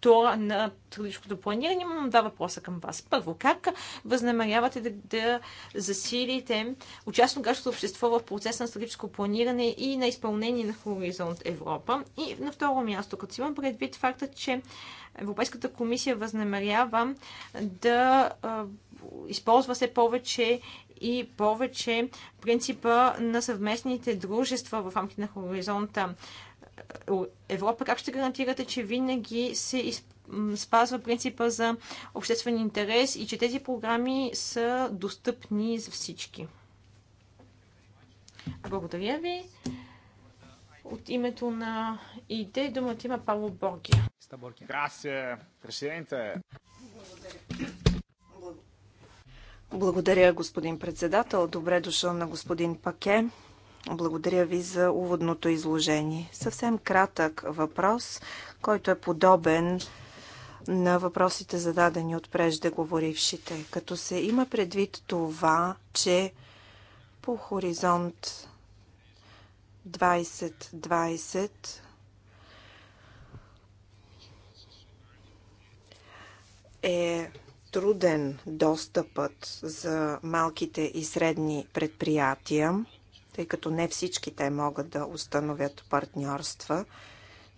тур на стратегическото планиране, имам два въпроса към вас. Първо, как възнамерявате да, да засилите участието на гражданското общество в процеса на стратегическо планиране и на изпълнение на Хоризонт Европа? И на второ място, като си имам предвид факта, че Европейската комисия възнамерява да използва се повече и повече принципа на съвместните дружества в рамките на хоризонта Европа, как ще гарантирате, че винаги се спазва принципа за обществен интерес и че тези програми са достъпни за всички? Благодаря ви. От името на ИД думата има Павло Боргия. Грасия, президенте.
Благодаря, господин председател. Добре дошъл на господин Паке. Благодаря ви за уводното изложение. Съвсем кратък въпрос, който е подобен на въпросите зададени от преждеговорившите. Като се има предвид това, че по хоризонт 2020 е труден достъпът за малките и средни предприятия, тъй като не всички те могат да установят партньорства.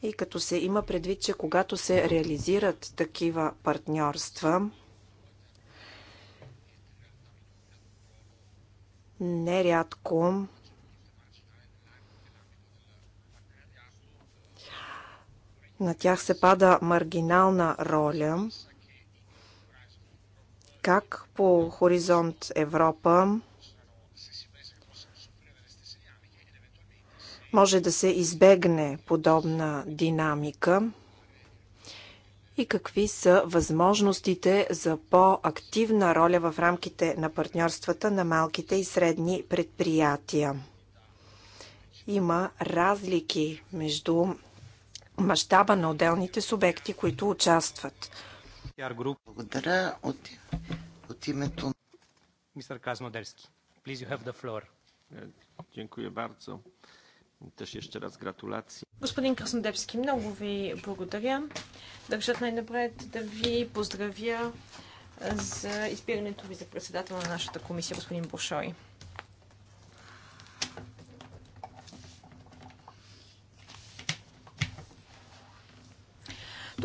И като се има предвид, че когато се реализират такива партньорства, нерядко На тях се пада маргинална роля. Как по Хоризонт Европа може да се избегне подобна динамика? и какви са възможностите за по-активна роля в рамките на партньорствата на малките и средни предприятия. Има разлики между мащаба на отделните субекти, които участват.
Благодаря от, от името Мистер Казмодерски. Please, you have the floor. Dziękuję bardzo. Też
Господин Краснодепски, много ви благодаря. Държат най-напред да ви поздравя за избирането ви за председател на нашата комисия, господин Бошой.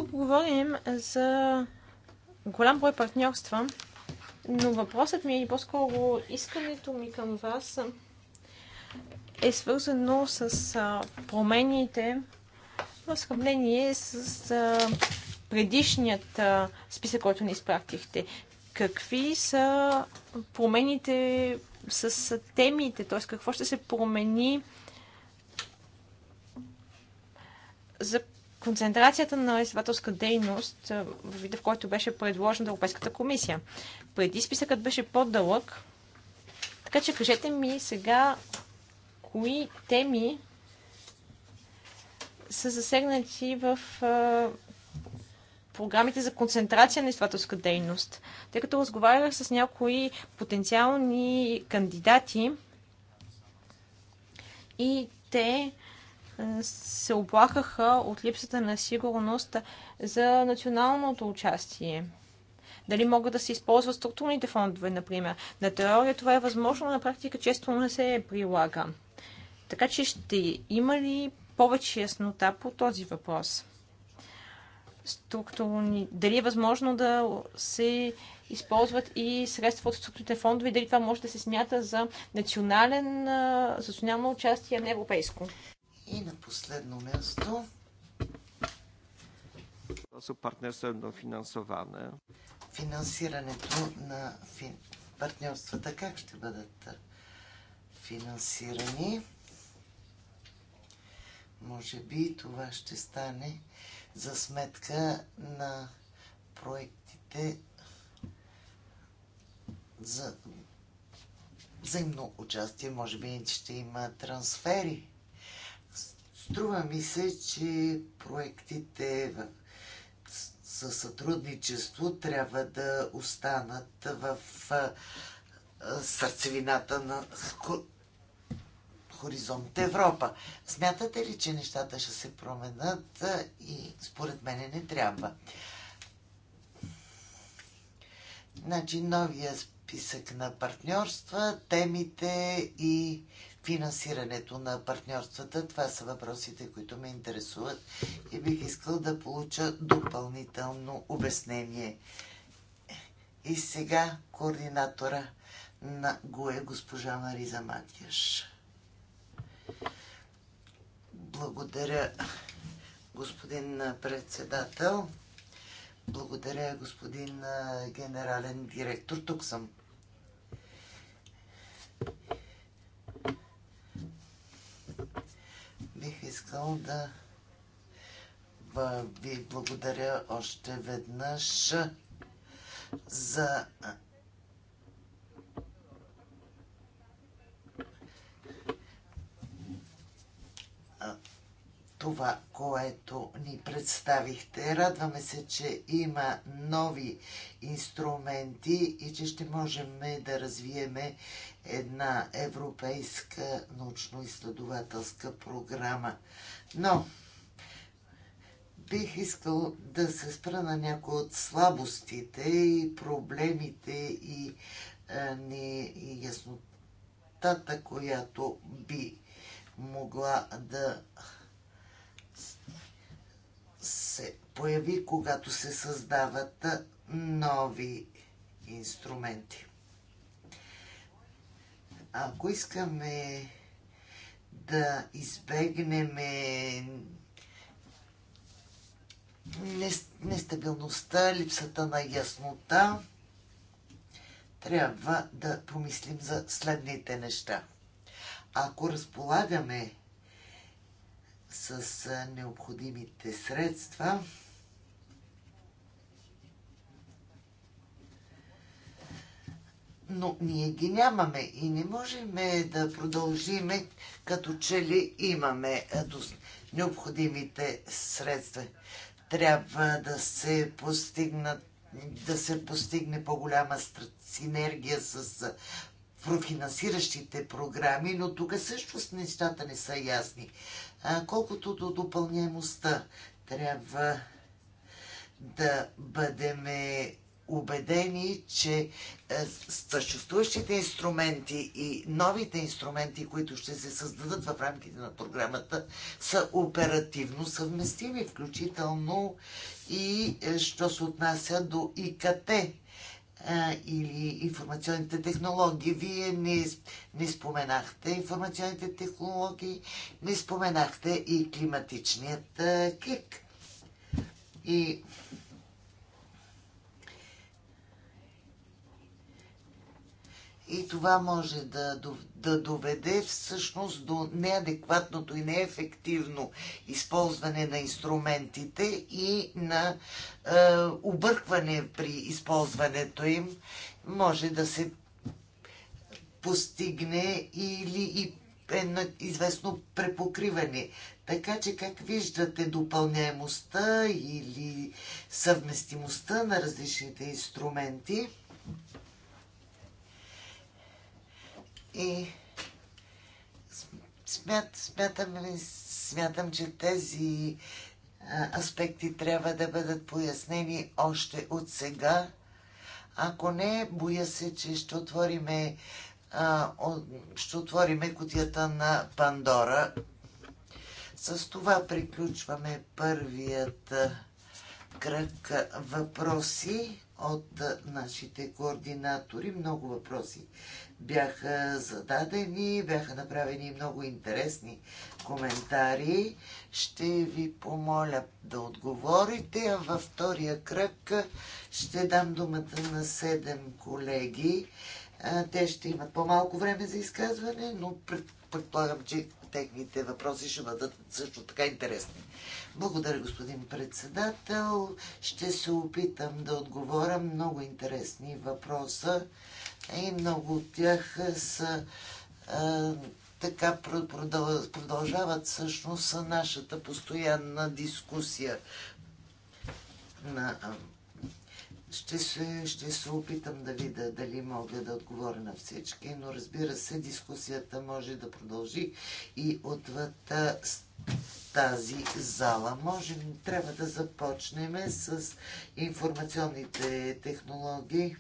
да говорим за голям брой партньорства, но въпросът ми и по-скоро искането ми към вас е свързано с промените в сравнение с предишният списък, който ни изпратихте. Какви са промените с темите, т.е. какво ще се промени за концентрацията на изследователска дейност в вида, в който беше предложена Европейската комисия. Преди списъкът беше по-дълъг, така че кажете ми сега кои теми са засегнати в програмите за концентрация на изследователска дейност. Тъй като разговарях с някои потенциални кандидати и те се оплакаха от липсата на сигурност за националното участие. Дали могат да се използват структурните фондове, например. На теория това е възможно, на практика често не се прилага. Така че ще има ли повече яснота по този въпрос? Структурни... Дали е възможно да се използват и средства от структурните фондове, дали това може да се смята за национален, за национално участие, а не европейско?
И на последно място
osób partnerstwem финансоване.
Финансирането на фи... партньорствата как ще бъдат финансирани? Може би това ще стане за сметка на проектите за взаимно участие. Може би ще има трансфери Струва ми се, че проектите със сътрудничество трябва да останат в сърцевината на Хоризонт Европа. Смятате ли, че нещата ще се променят и според мене не трябва? Значи новия списък на партньорства, темите и финансирането на партньорствата. Това са въпросите, които ме интересуват и бих искал да получа допълнително обяснение. И сега координатора на ГУЕ, госпожа Мариза Матиаш. Благодаря, господин председател. Благодаря, господин генерален директор. Тук съм. Бих искал да ви благодаря още веднъж за това, което ни представихте. Радваме се, че има нови инструменти и че ще можем да развиеме една европейска научно-изследователска програма. Но бих искал да се спра на някои от слабостите и проблемите и, а, е, не, и яснотата, която би могла да появи, когато се създават нови инструменти. Ако искаме да избегнем е, нестабилността, липсата на яснота, трябва да помислим за следните неща. Ако разполагаме с необходимите средства, но ние ги нямаме и не можем да продължиме като че ли имаме е, необходимите средства. Трябва да се постигнат да се постигне по-голяма синергия с е, профинансиращите програми, но тук също с нещата не са ясни. А, колкото до допълняемостта, трябва да бъдеме убедени, че е, съществуващите инструменти и новите инструменти, които ще се създадат в рамките на програмата, са оперативно съвместими, включително и е, що се отнася до ИКТ е, или информационните технологии. Вие не, не споменахте информационните технологии, не споменахте и климатичният кик. И И това може да, да доведе всъщност до неадекватното и неефективно използване на инструментите и на е, объркване при използването им. Може да се постигне или и едно известно препокриване. Така че как виждате допълняемостта или съвместимостта на различните инструменти? И смят, смятам, смятам, че тези аспекти трябва да бъдат пояснени още от сега. Ако не, боя се, че ще отвориме, ще отвориме кутията на Пандора. С това приключваме първият кръг въпроси от нашите координатори. Много въпроси бяха зададени, бяха направени много интересни коментари. Ще ви помоля да отговорите, а във втория кръг ще дам думата на седем колеги. Те ще имат по-малко време за изказване, но предполагам, че техните въпроси ще бъдат също така интересни. Благодаря, господин председател. Ще се опитам да отговоря много интересни въпроса и много от тях е, са а, е, така продължават всъщност е, нашата постоянна дискусия. На, ще, се, ще се опитам да видя дали мога да отговоря на всички, но разбира се, дискусията може да продължи и отвъд тази зала. Може, трябва да започнем с информационните технологии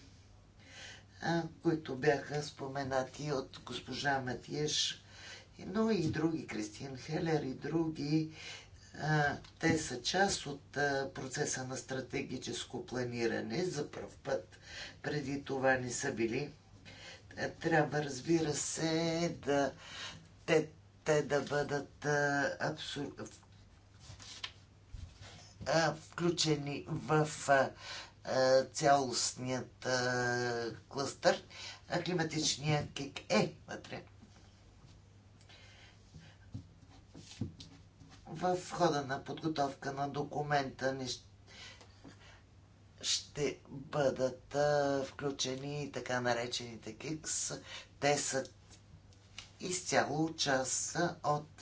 които бяха споменати от госпожа Матиеш, но и други, Кристин Хелер и други. Те са част от процеса на стратегическо планиране. За първ път преди това не са били. Е, трябва, разбира се, да те, те да бъдат абсур... включени в е, цялостният е, клъстър, а климатичният кик е вътре. В хода на подготовка на документа ще бъдат е, включени така наречените кикс. Те са изцяло част от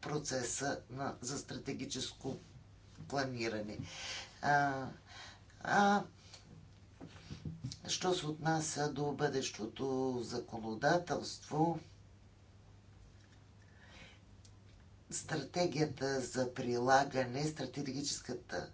процеса на, за стратегическо планиране. А, що се отнася до бъдещото законодателство, стратегията за прилагане, стратегическата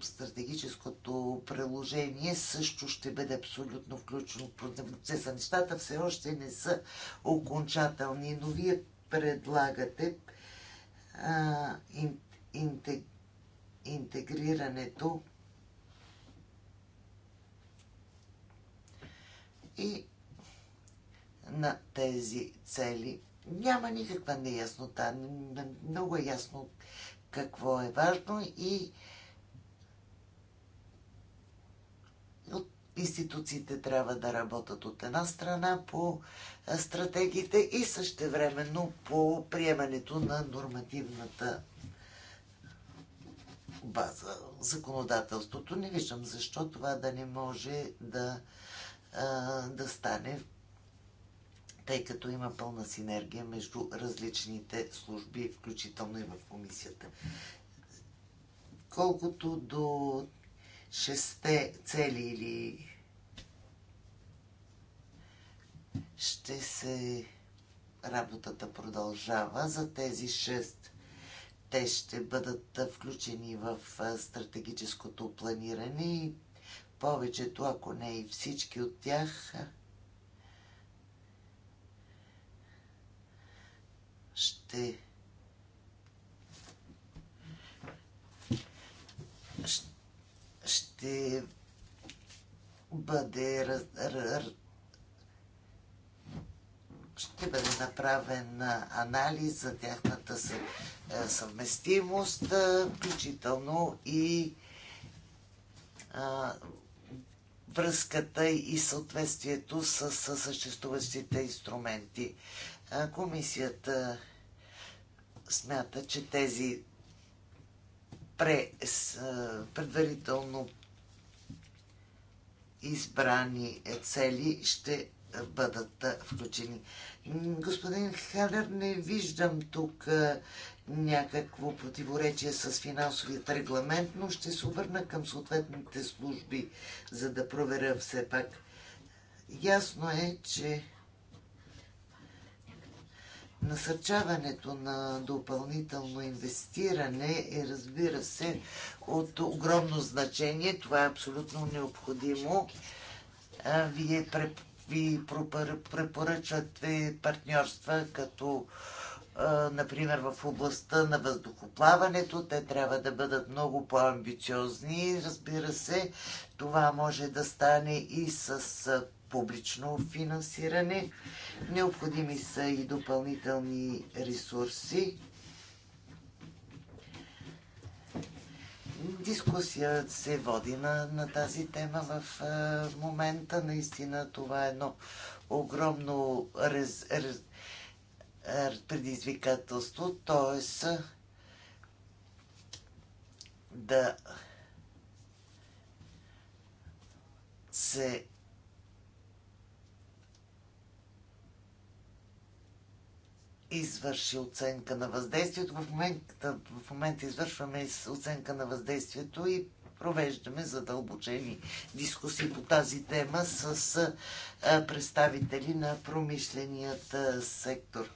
стратегическото приложение също ще бъде абсолютно включено в процеса. Нещата все още не са окончателни, но вие предлагате а, интег... интегрирането и на тези цели. Няма никаква неяснота. Много е ясно какво е важно и институциите трябва да работят от една страна по стратегиите и същевременно по приемането на нормативната база законодателството. Не виждам защо това да не може да, да стане, тъй като има пълна синергия между различните служби, включително и в комисията. Колкото до шесте цели или ще се работата продължава за тези шест те ще бъдат включени в стратегическото планиране и повечето, ако не и всички от тях, ще ще бъде раз, раз, ще бъде направен анализ за тяхната е, съвместимост, включително и връзката и съответствието с съществуващите инструменти. Комисията смята, че тези предварително избрани цели ще бъдат включени. Господин Халер, не виждам тук някакво противоречие с финансовият регламент, но ще се обърна към съответните служби, за да проверя все пак. Ясно е, че Насърчаването на допълнително инвестиране е, разбира се, от огромно значение. Това е абсолютно необходимо. Вие ви препоръчват партньорства, като например в областта на въздухоплаването. Те трябва да бъдат много по-амбициозни. Разбира се, това може да стане и с публично финансиране. Необходими са и допълнителни ресурси. дискусия се води на, на тази тема в а, момента. Наистина това е едно огромно рез, рез, предизвикателство, т.е. да се извърши оценка на въздействието. В момента, в момента извършваме оценка на въздействието и провеждаме задълбочени дискусии по тази тема с представители на промишленият сектор.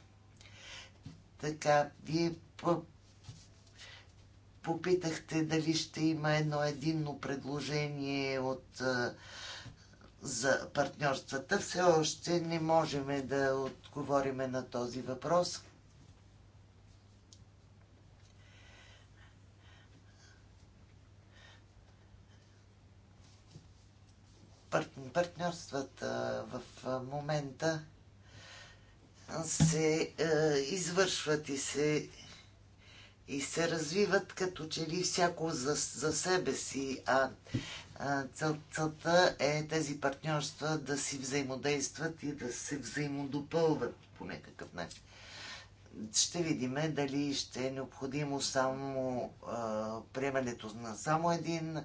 Така, вие попитахте дали ще има едно единно предложение от, за партньорствата. Все още не можем да от отговориме на този въпрос. партньорствата в момента се извършват и се и се развиват като че ли всяко за, за себе си, а, а цел, целта е тези партньорства да си взаимодействат и да се взаимодопълват по някакъв начин. Ще видиме дали ще е необходимо само а, приемането на само един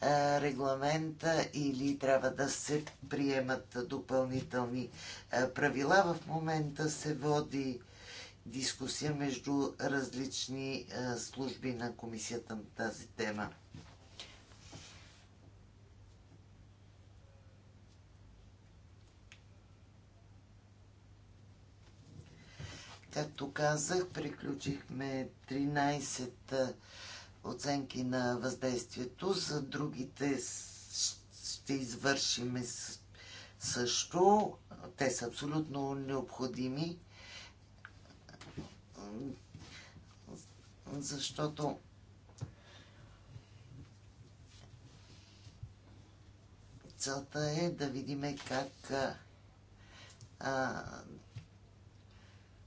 а, регламент а, или трябва да се приемат допълнителни а, правила. В момента се води дискусия между различни служби на комисията на тази тема. Както казах, приключихме 13 оценки на въздействието. За другите ще извършиме също. Те са абсолютно необходими защото целта е да видиме как а,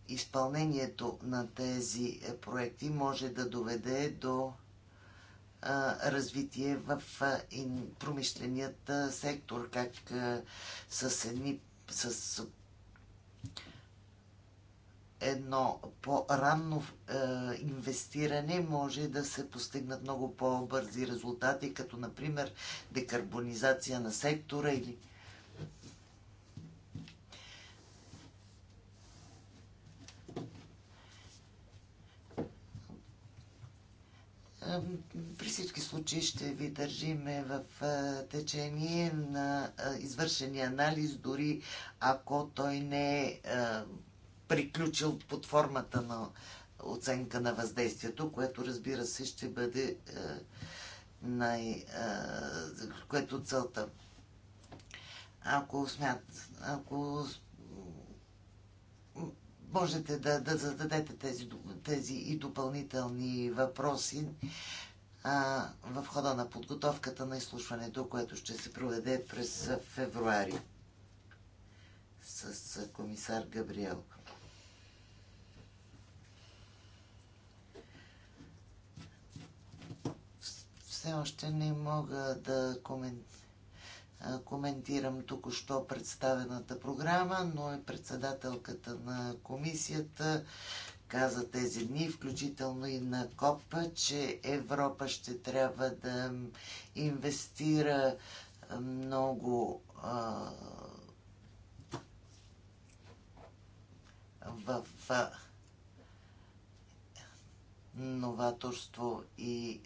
изпълнението на тези проекти може да доведе до развитие в промишленият сектор, как с едни с едно по-ранно е, инвестиране може да се постигнат много по-бързи резултати, като например декарбонизация на сектора или. При всички случаи ще ви държиме в е, течение на е, извършения анализ, дори ако той не е, е приключил под формата на оценка на въздействието, което разбира се ще бъде е, най... Е, което е целта. Ако смят, ако можете да, да зададете тези, тези и допълнителни въпроси а, в хода на подготовката на изслушването, което ще се проведе през февруари с комисар Габриел. все още не мога да коментирам току-що представената програма, но и председателката на комисията каза тези дни, включително и на КОПа, че Европа ще трябва да инвестира много в новаторство и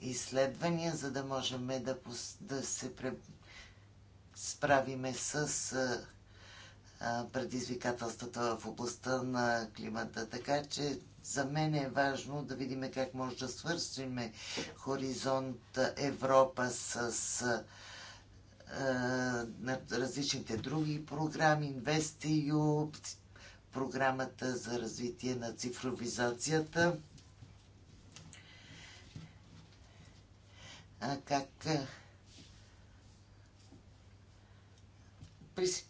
изследвания, за да можем да, да се пре, справиме с а, предизвикателствата в областта на климата. Така че за мен е важно да видим как може да свързваме хоризонт Европа с а, различните други програми, InvestEU, програмата за развитие на цифровизацията как прис...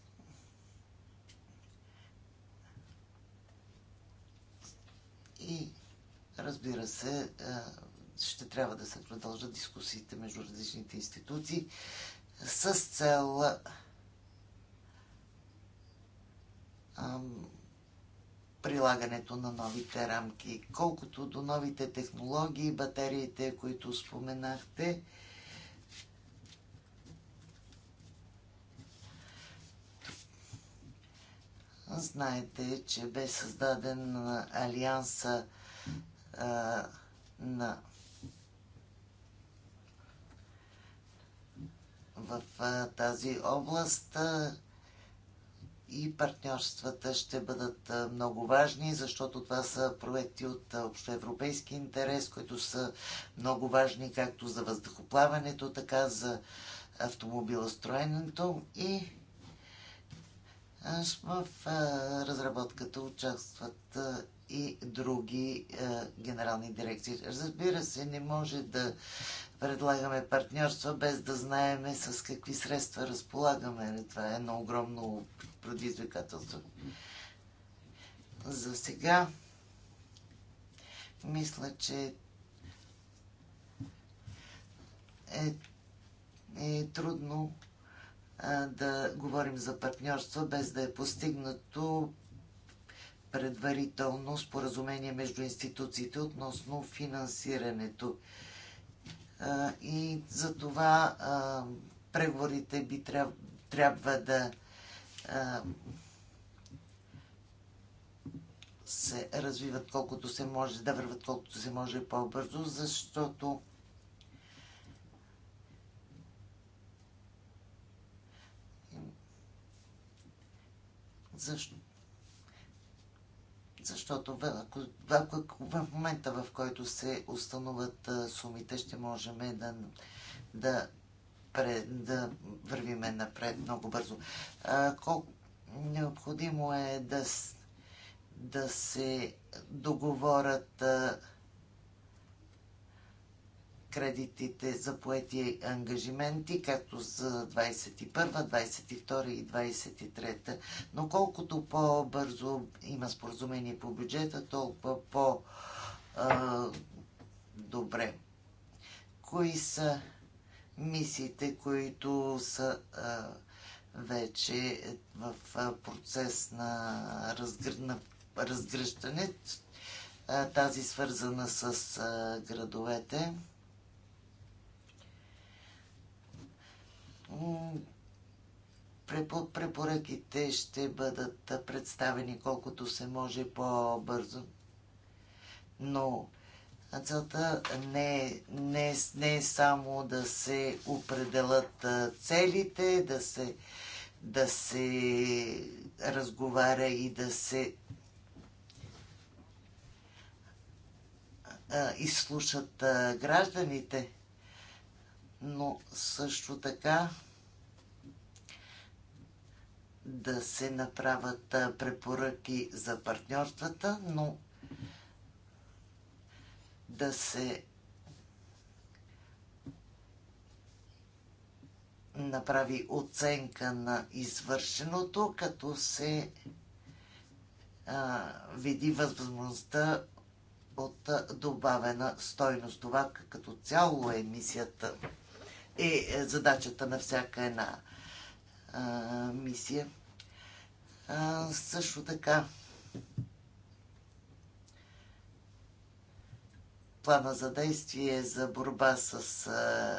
и разбира се, ще трябва да се продължат дискусиите между различните институции с цел прилагането на новите рамки. Колкото до новите технологии, батериите, които споменахте, Знаете, че бе създаден алианса а, на в а, тази област. А, и партньорствата ще бъдат много важни, защото това са проекти от общоевропейски интерес, които са много важни както за въздухоплаването, така за автомобилостроенето и в разработката участват и други генерални дирекции. Разбира се, не може да предлагаме партньорства без да знаеме с какви средства разполагаме. Това е едно огромно предизвикателство. За сега мисля, че е, е трудно да говорим за партньорство, без да е постигнато предварително споразумение между институциите относно финансирането. И за това преговорите би трябва да се развиват колкото се може, да върват колкото се може по-бързо, защото Защо? Защото ако, ако, в момента, в който се установят сумите, ще можем да, да, пре, да вървиме напред много бързо. А, колко, необходимо е да, да се договорят а, кредитите за поети ангажименти, както за 21, 22 и 23. Но колкото по-бързо има споразумение по бюджета, толкова по-добре. Кои са мисиите, които са вече в процес на, разгръщане, тази свързана с градовете? препоръките ще бъдат представени колкото се може по-бързо. Но целта не, е, не, не е само да се определят целите, да се, да се разговаря и да се изслушат гражданите но също така да се направят препоръки за партньорствата, но да се направи оценка на извършеното, като се а, види възможността от добавена стойност. Това като цяло е мисията е, е задачата на всяка една а, мисия. А, също така, плана за действие за борба с а,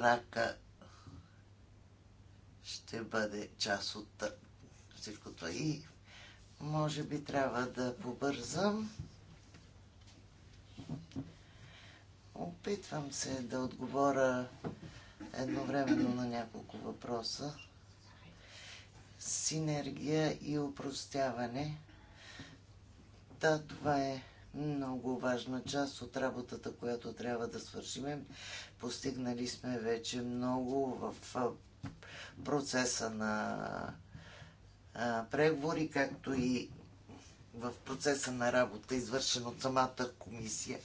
рака ще бъде част от всичко това. И може би трябва да побързам. Опитвам се да отговоря едновременно на няколко въпроса. Синергия и упростяване. Да, това е много важна част от работата, която трябва да свършим. Постигнали сме вече много в процеса на преговори, както и в процеса на работа, извършен от самата комисия.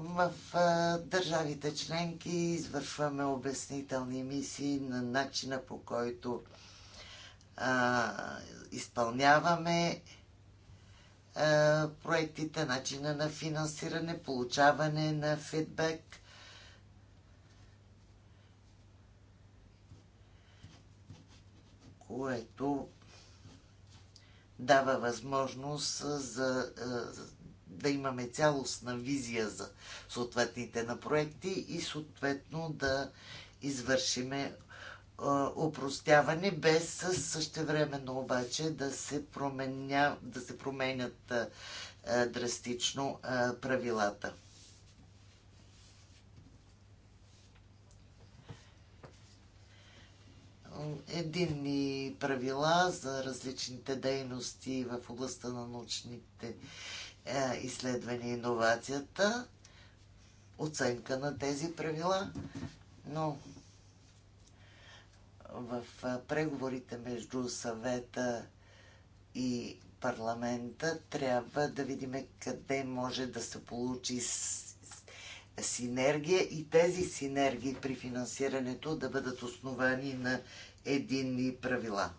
В а, държавите членки извършваме обяснителни мисии на начина по който а, изпълняваме а, проектите, начина на финансиране, получаване на фидбек. което дава възможност за, за да имаме цялостна визия за съответните на проекти и съответно да извършиме е, упростяване, без същевременно обаче да се, променя, да се променят е, е, драстично правилата. единни правила за различните дейности в областта на научните е, изследване и иновацията, оценка на тези правила, но в е, преговорите между съвета и парламента трябва да видим къде може да се получи синергия и тези синергии при финансирането да бъдат основани на единни правила.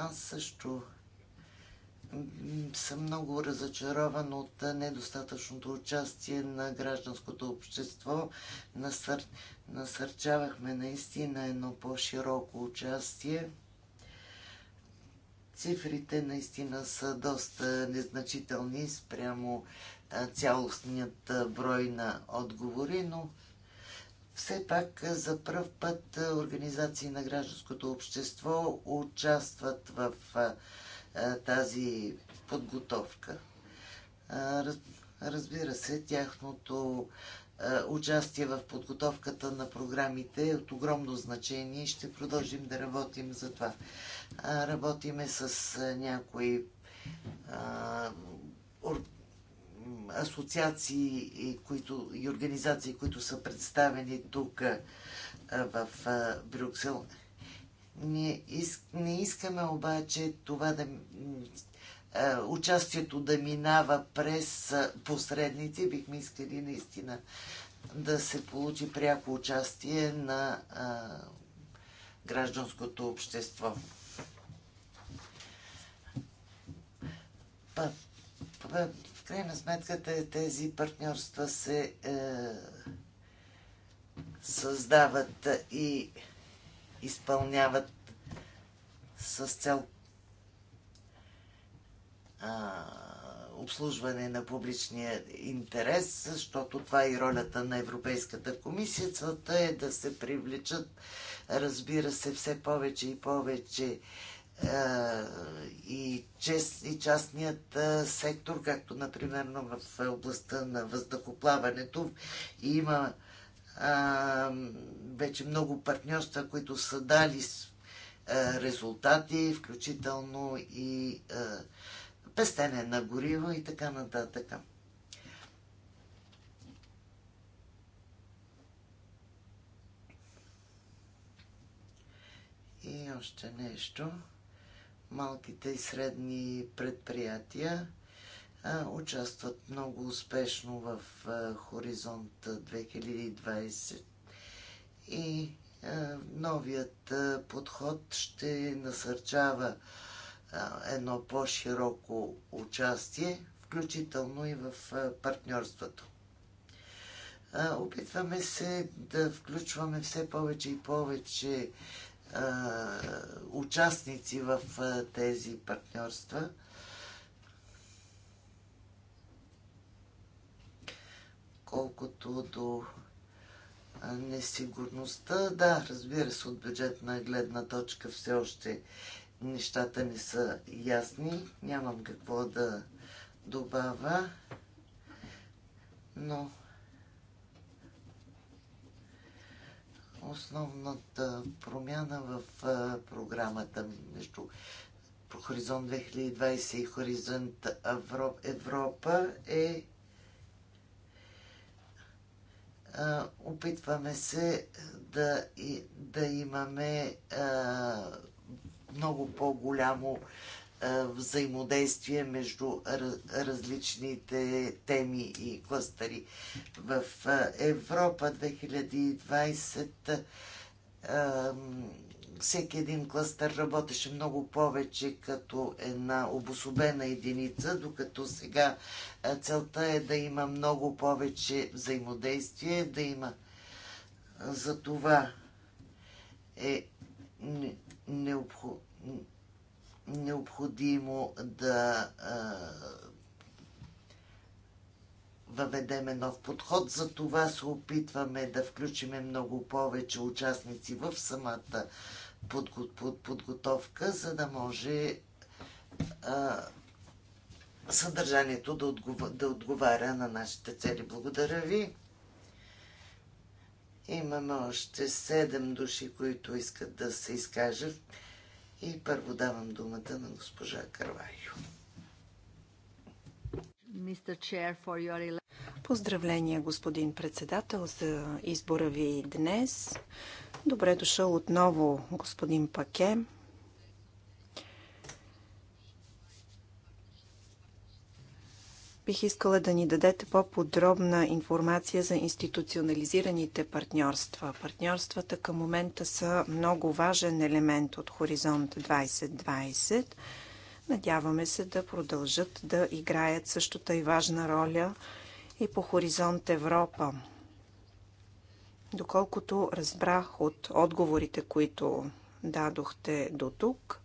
Аз също съм много разочарован от недостатъчното участие на гражданското общество. Насър... Насърчавахме наистина едно по-широко участие. Цифрите наистина са доста незначителни спрямо цялостният брой на отговори, но все пак е, за първ път е, организации на гражданското общество участват в е, тази подготовка. Разбира се, тяхното участие в подготовката на програмите е от огромно значение и ще продължим да работим за това. Работиме с някои асоциации които, и организации, които са представени тук в Брюксел. Ние не искаме обаче това да участието да минава през посредници. Бихме искали наистина да се получи пряко участие на гражданското общество крайна сметка е, тези партньорства се е, създават и изпълняват с цел а, обслужване на публичния интерес, защото това е и ролята на Европейската комисия. Целта е да се привлечат, разбира се, все повече и повече е, и, чест, и частният е, сектор, както например в областта на въздухоплаването. И има а, е, вече много партньорства, които са дали резултати, включително и а, пестене на горива и така нататък. И още нещо малките и средни предприятия участват много успешно в Хоризонт 2020 и новият подход ще насърчава едно по-широко участие, включително и в партньорството. Опитваме се да включваме все повече и повече участници в тези партньорства. Колкото до несигурността, да, разбира се, от бюджетна гледна точка все още нещата не са ясни. Нямам какво да добавя, но основната промяна в програмата между Хоризонт 2020 и Хоризонт Европа е опитваме се да, да имаме много по-голямо е, взаимодействие между различните теми и кластъри. В е, Европа 2020 е, всеки един кластър работеше много повече като една обособена единица, докато сега целта е да има много повече взаимодействие, да има за това е необходимо необходимо да въведеме нов подход. За това се опитваме да включиме много повече участници в самата подготовка, за да може а, съдържанието да, отгова, да отговаря на нашите цели. Благодаря ви. Имаме още 7 души, които искат да се изкажат. И първо давам думата на госпожа Карвайо.
Поздравления, господин председател, за избора ви днес. Добре дошъл отново, господин Паке. Бих искала да ни дадете по-подробна информация за институционализираните партньорства. Партньорствата към момента са много важен елемент от Хоризонт 2020. Надяваме се да продължат да играят същата и важна роля и по Хоризонт Европа. Доколкото разбрах от отговорите, които дадохте до тук,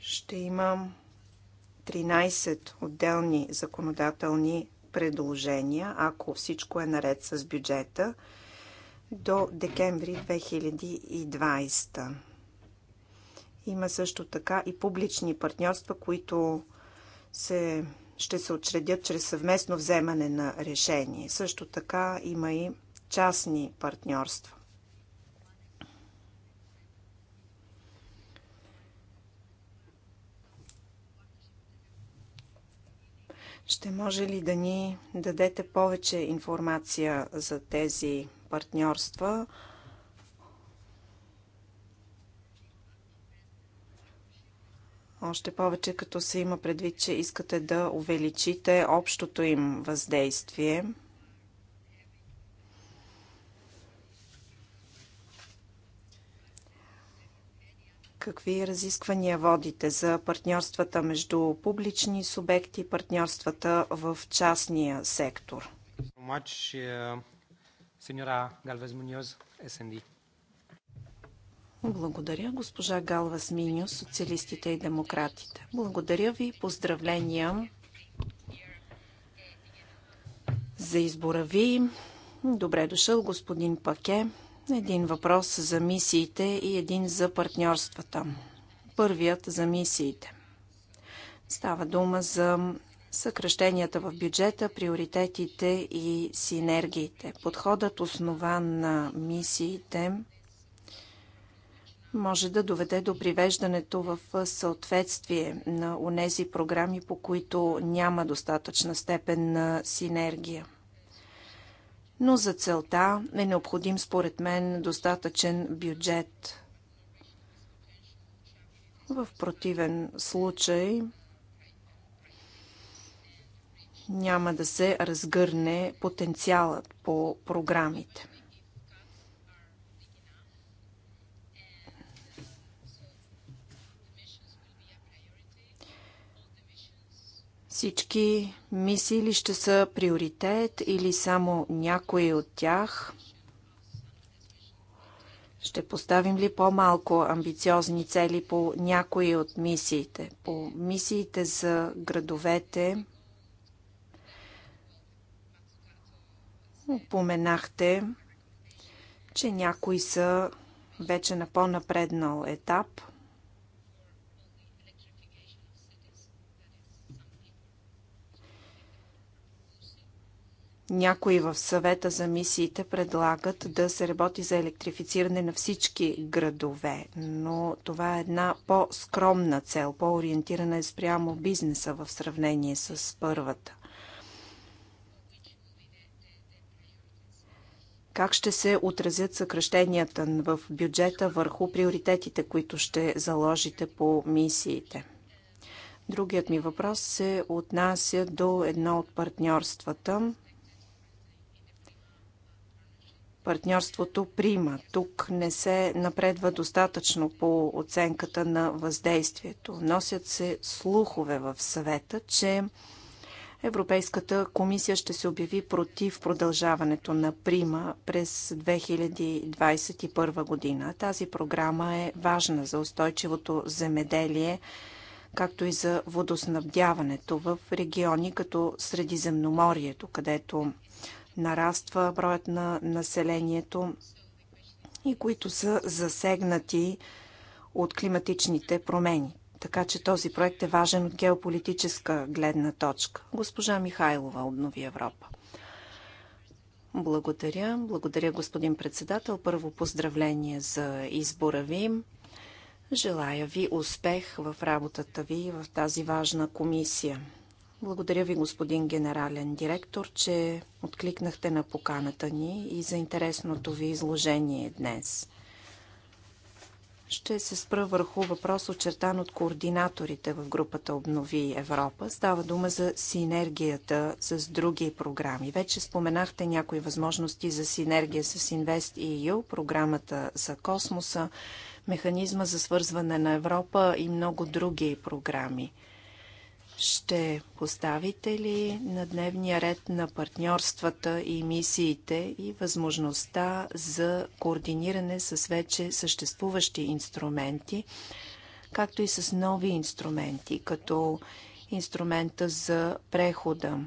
ще имам 13 отделни законодателни предложения, ако всичко е наред с бюджета, до декември 2020. Има също така и публични партньорства, които се, ще се отчредят чрез съвместно вземане на решение. Също така има и частни партньорства. Ще може ли да ни дадете повече информация за тези партньорства? Още повече като се има предвид, че искате да увеличите общото им въздействие. Какви разисквания водите за партньорствата между публични субекти и партньорствата в частния
сектор? Е,
Благодаря, госпожа Галвас Миню, социалистите и демократите. Благодаря ви, поздравления за избора ви. Добре дошъл, господин Паке. Един въпрос за мисиите и един за партньорствата. Първият за мисиите. Става дума за съкръщенията в бюджета, приоритетите и синергиите. Подходът основан на мисиите може да доведе до привеждането в съответствие на онези програми, по които няма достатъчна степен на синергия но за целта е необходим според мен достатъчен бюджет. В противен случай няма да се разгърне потенциалът по програмите. Всички мисии ли ще са приоритет или само някои от тях? Ще поставим ли по-малко амбициозни цели по някои от мисиите? По мисиите за градовете упоменахте, че някои са вече на по-напреднал етап – Някои в съвета за мисиите предлагат да се работи за електрифициране на всички градове, но това е една по-скромна цел, по-ориентирана е спрямо бизнеса в сравнение с първата. Как ще се отразят съкръщенията в бюджета върху приоритетите, които ще заложите по мисиите? Другият ми въпрос се отнася до едно от партньорствата – партньорството прима. Тук не се напредва достатъчно по оценката на въздействието. Носят се слухове в съвета, че Европейската комисия ще се обяви против продължаването на прима през 2021 година. Тази програма е важна за устойчивото земеделие, както и за водоснабдяването в региони като Средиземноморието, където нараства броят на населението и които са засегнати от климатичните промени. Така че този проект е важен от геополитическа гледна точка. Госпожа Михайлова обнови Европа. Благодаря. Благодаря, господин председател. Първо поздравление за избора ви. Желая ви успех в работата ви в тази важна комисия. Благодаря ви, господин генерален директор, че откликнахте на поканата ни и за интересното ви изложение днес. Ще се спра върху въпрос, очертан от координаторите в групата Обнови Европа. Става дума за синергията с други програми. Вече споменахте някои възможности за синергия с EU, програмата за космоса, механизма за свързване на Европа и много други програми – ще поставите ли на дневния ред на партньорствата и мисиите и възможността за координиране с вече съществуващи инструменти, както и с нови инструменти, като инструмента за прехода?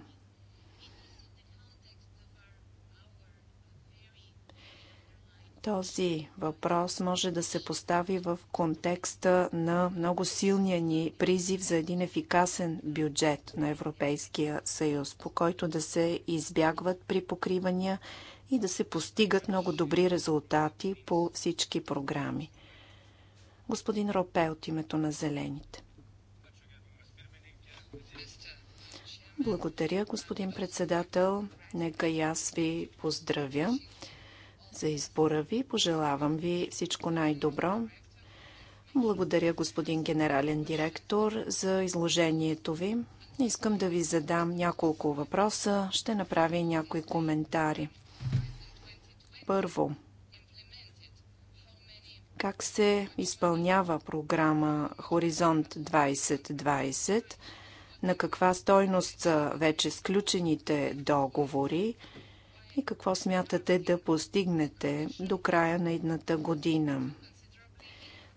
Този въпрос може да се постави в контекста на много силния ни призив за един ефикасен бюджет на Европейския съюз, по който да се избягват при покривания и да се постигат много добри резултати по всички програми. Господин Ропе от името на Зелените. Благодаря, господин председател. Нека и аз ви поздравя за избора ви. Пожелавам ви всичко най-добро. Благодаря, господин генерален директор, за изложението ви. Искам да ви задам няколко въпроса. Ще направя и някои коментари. Първо, как се изпълнява програма Хоризонт 2020? На каква стойност са вече сключените договори? и какво смятате да постигнете до края на едната година?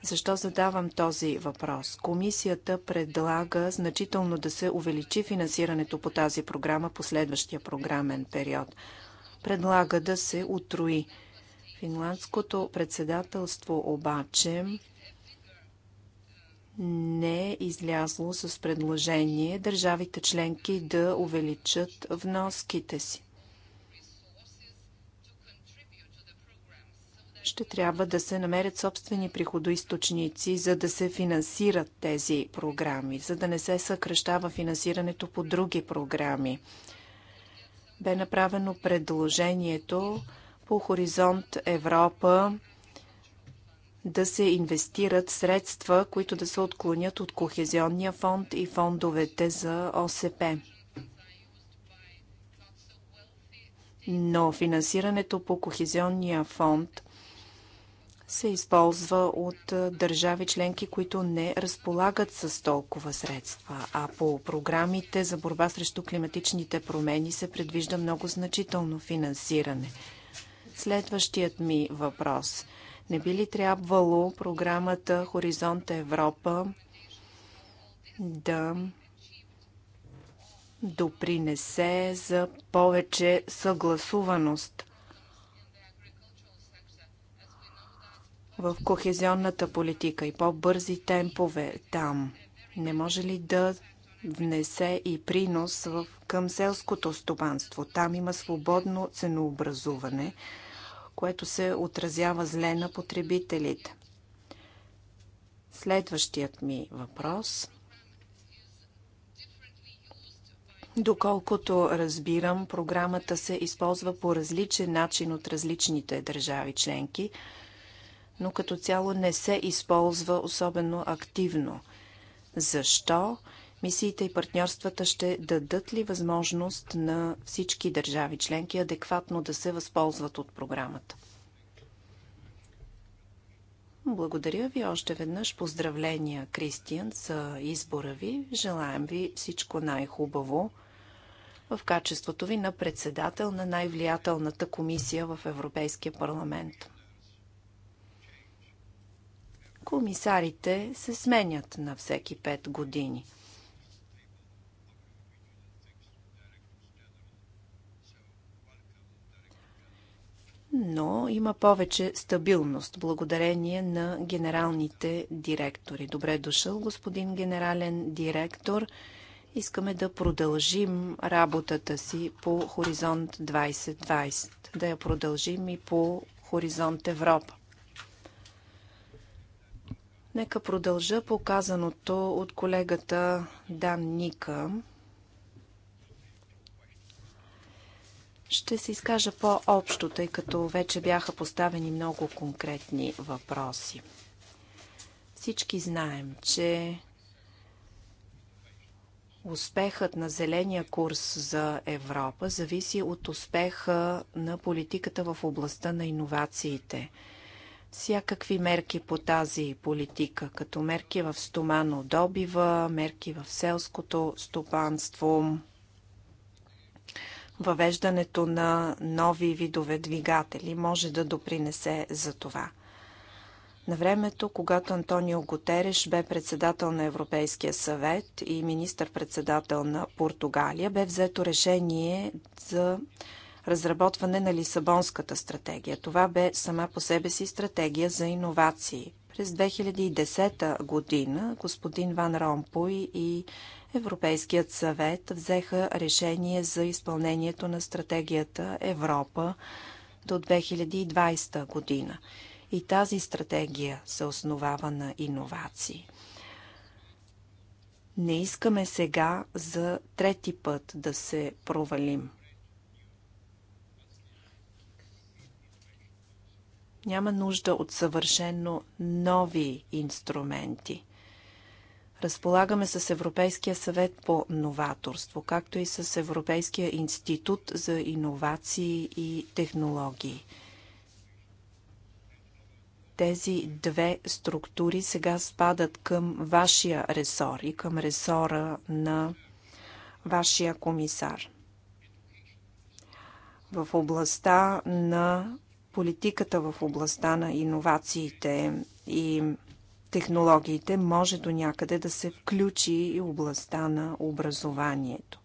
Защо задавам този въпрос? Комисията предлага значително да се увеличи финансирането по тази програма по следващия програмен период. Предлага да се утрои. Финландското председателство обаче не е излязло с предложение държавите членки да увеличат вноските си. ще трябва да се намерят собствени приходоисточници, за да се финансират тези програми, за да не се съкръщава финансирането по други програми. Бе направено предложението по Хоризонт Европа да се инвестират средства, които да се отклонят от Кохезионния фонд и фондовете за ОСП. Но финансирането по Кохезионния фонд се използва от държави членки, които не разполагат с толкова средства. А по програмите за борба срещу климатичните промени се предвижда много значително финансиране. Следващият ми въпрос. Не би ли трябвало програмата Хоризонт Европа да допринесе за повече съгласуваност в кохезионната политика и по-бързи темпове там? Не може ли да внесе и принос в, към селското стопанство? Там има свободно ценообразуване, което се отразява зле на потребителите. Следващият ми въпрос. Доколкото разбирам, програмата се използва по различен начин от различните държави членки – но като цяло не се използва особено активно. Защо? Мисиите и партньорствата ще дадат ли възможност на всички държави членки адекватно да се възползват от програмата? Благодаря ви още веднъж. Поздравления, Кристиан, за избора ви. Желаем ви всичко най-хубаво в качеството ви на председател на най-влиятелната комисия в Европейския парламент. Комисарите се сменят на всеки 5 години. но има повече стабилност благодарение на генералните директори. Добре дошъл, господин генерален директор. Искаме да продължим работата си по Хоризонт 2020, да я продължим и по Хоризонт Европа. Нека продължа показаното от колегата Дан Ника. Ще се изкажа по-общо, тъй като вече бяха поставени много конкретни въпроси. Всички знаем, че успехът на зеления курс за Европа зависи от успеха на политиката в областта на иновациите – всякакви мерки по тази политика, като мерки в стомано добива, мерки в селското стопанство, въвеждането на нови видове двигатели може да допринесе за това. На времето, когато Антонио Готереш бе председател на Европейския съвет и министър-председател на Португалия, бе взето решение за разработване на Лисабонската стратегия. Това бе сама по себе си стратегия за иновации. През 2010 година господин Ван Ромпуй и Европейският съвет взеха решение за изпълнението на стратегията Европа до 2020 година. И тази стратегия се основава на иновации. Не искаме сега за трети път да се провалим – Няма нужда от съвършенно нови инструменти. Разполагаме с Европейския съвет по новаторство, както и с Европейския институт за иновации и технологии. Тези две структури сега спадат към вашия ресор и към ресора на вашия комисар. В областта на политиката в областта на иновациите и технологиите може до някъде да се включи и областта на образованието.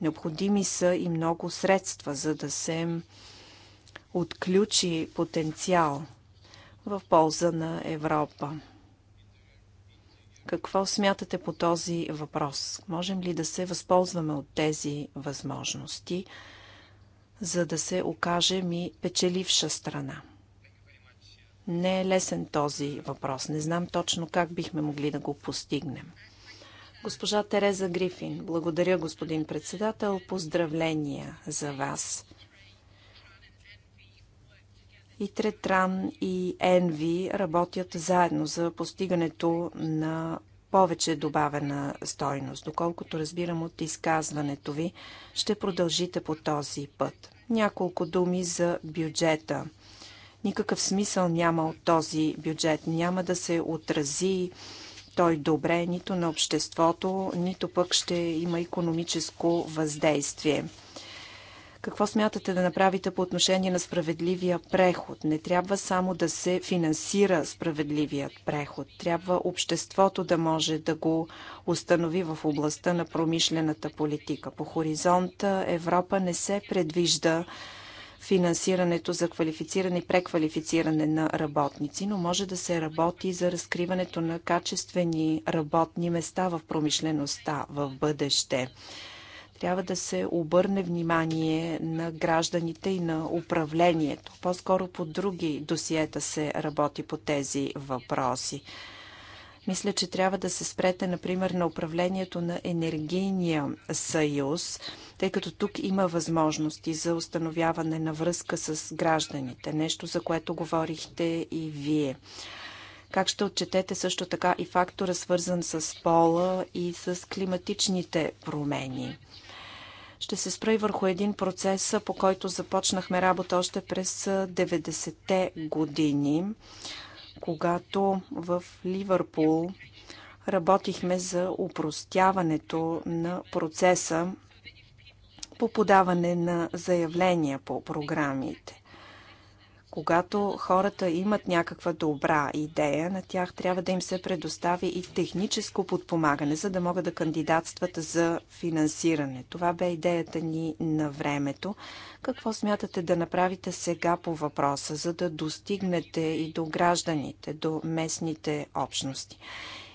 Необходими са и много средства, за да се отключи потенциал в полза на Европа. Какво смятате по този въпрос? Можем ли да се възползваме от тези възможности? за да се окажем и печеливша страна. Не е лесен този въпрос. Не знам точно как бихме могли да го постигнем. Госпожа Тереза Грифин, благодаря, господин председател. Поздравления за вас. И Третран и Енви работят заедно за постигането на повече добавена стойност. Доколкото разбирам от изказването ви, ще продължите по този път. Няколко думи за бюджета. Никакъв смисъл няма от този бюджет. Няма да се отрази той добре нито на обществото, нито пък ще има економическо въздействие. Какво смятате да направите по отношение на справедливия преход? Не трябва само да се финансира справедливият преход. Трябва обществото да може да го установи в областта на промишлената политика. По хоризонта Европа не се предвижда финансирането за квалифициране и преквалифициране на работници, но може да се работи за разкриването на качествени работни места в промишлеността в бъдеще трябва да се обърне внимание на гражданите и на управлението. По-скоро по други досиета се работи по тези въпроси. Мисля, че трябва да се спрете, например, на управлението на енергийния съюз, тъй като тук има възможности за установяване на връзка с гражданите, нещо за което говорихте и вие. Как ще отчетете също така и фактора, свързан с пола и с климатичните промени? Ще се спра и върху един процес, по който започнахме работа още през 90-те години, когато в Ливърпул работихме за упростяването на процеса по подаване на заявления по програмите. Когато хората имат някаква добра идея, на тях трябва да им се предостави и техническо подпомагане, за да могат да кандидатстват за финансиране. Това бе идеята ни на времето. Какво смятате да направите сега по въпроса, за да достигнете и до гражданите, до местните общности?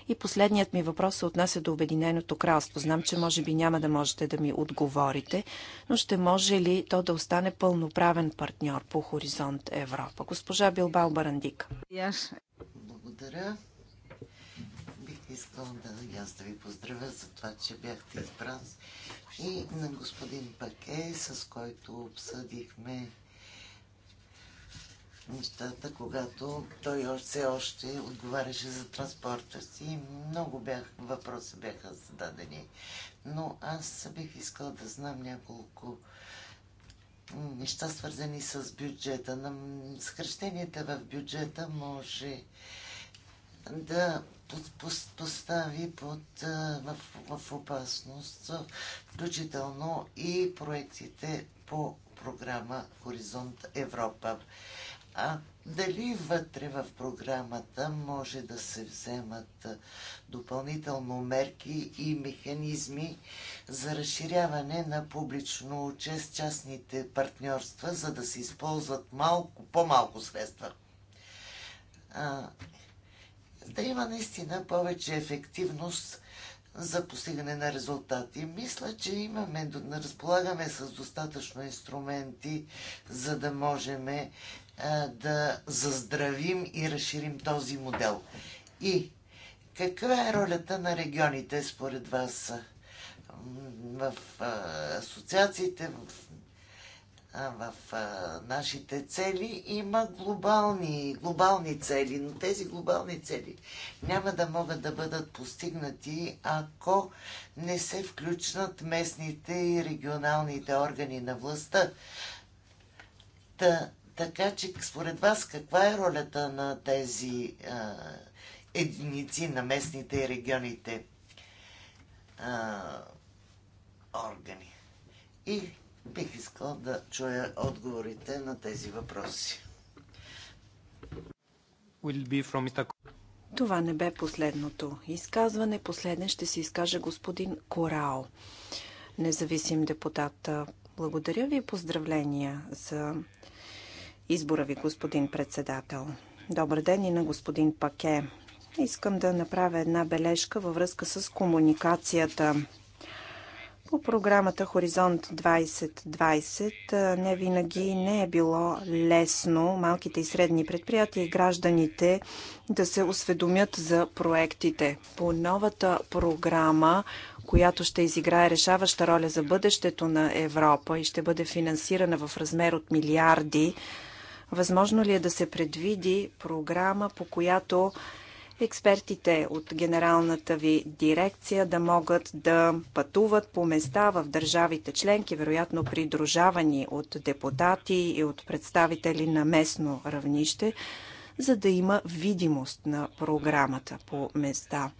И последният ми въпрос се отнася до Обединеното кралство. Знам, че може би няма да можете да ми отговорите, но ще може ли то да остане пълноправен партньор по Хоризонт Европа? Госпожа Билбал
Барандик. Благодаря. Бих искал да аз да ви поздравя за това, че бяхте избран и на господин Паке, с който обсъдихме нещата, когато той все още отговаряше за транспорта си. Много бях, въпроси бяха зададени. Но аз бих искал да знам няколко неща, свързани с бюджета. На съкрещенията в бюджета може да постави под, в, в опасност, включително и проектите по програма Хоризонт Европа. А дали вътре в програмата може да се вземат допълнително мерки и механизми за разширяване на публично-частните партньорства, за да се използват малко, по-малко средства? А, да има наистина повече ефективност за постигане на резултати. Мисля, че имаме, разполагаме с достатъчно инструменти, за да можем да заздравим и разширим този модел. И каква е ролята на регионите според вас в асоциациите, в в нашите цели има глобални, глобални цели, но тези глобални цели няма да могат да бъдат постигнати, ако не се включнат местните и регионалните органи на властта. Та, така че, според вас, каква е ролята на тези а, единици на местните и регионите а, органи? И бих искал да чуя отговорите на тези въпроси.
Това не бе последното изказване. Последен ще се изкаже господин Корао, независим депутат. Благодаря ви и поздравления за избора ви, господин председател. Добър ден и на господин Паке. Искам да направя една бележка във връзка с комуникацията. По програмата Хоризонт 2020 не винаги не е било лесно малките и средни предприятия и гражданите да се осведомят за проектите. По новата програма която ще изиграе решаваща роля за бъдещето на Европа и ще бъде финансирана в размер от милиарди, Възможно ли е да се предвиди програма, по която експертите от генералната ви дирекция да могат да пътуват по места в държавите членки, вероятно придружавани от депутати и от представители на местно равнище, за да има видимост на програмата по места.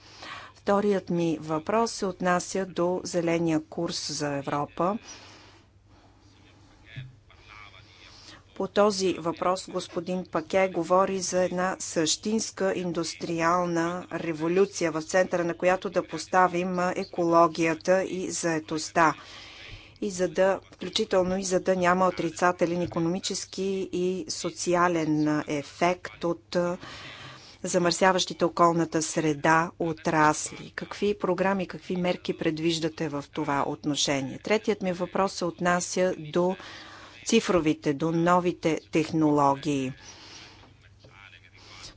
Вторият ми въпрос се отнася до зеления курс за Европа. По този въпрос господин Паке говори за една същинска индустриална революция, в центъра на която да поставим екологията и заетостта. И за да, включително и за да няма отрицателен економически и социален ефект от замърсяващите околната среда отрасли. Какви програми, какви мерки предвиждате в това отношение? Третият ми въпрос се отнася до цифровите, до новите технологии.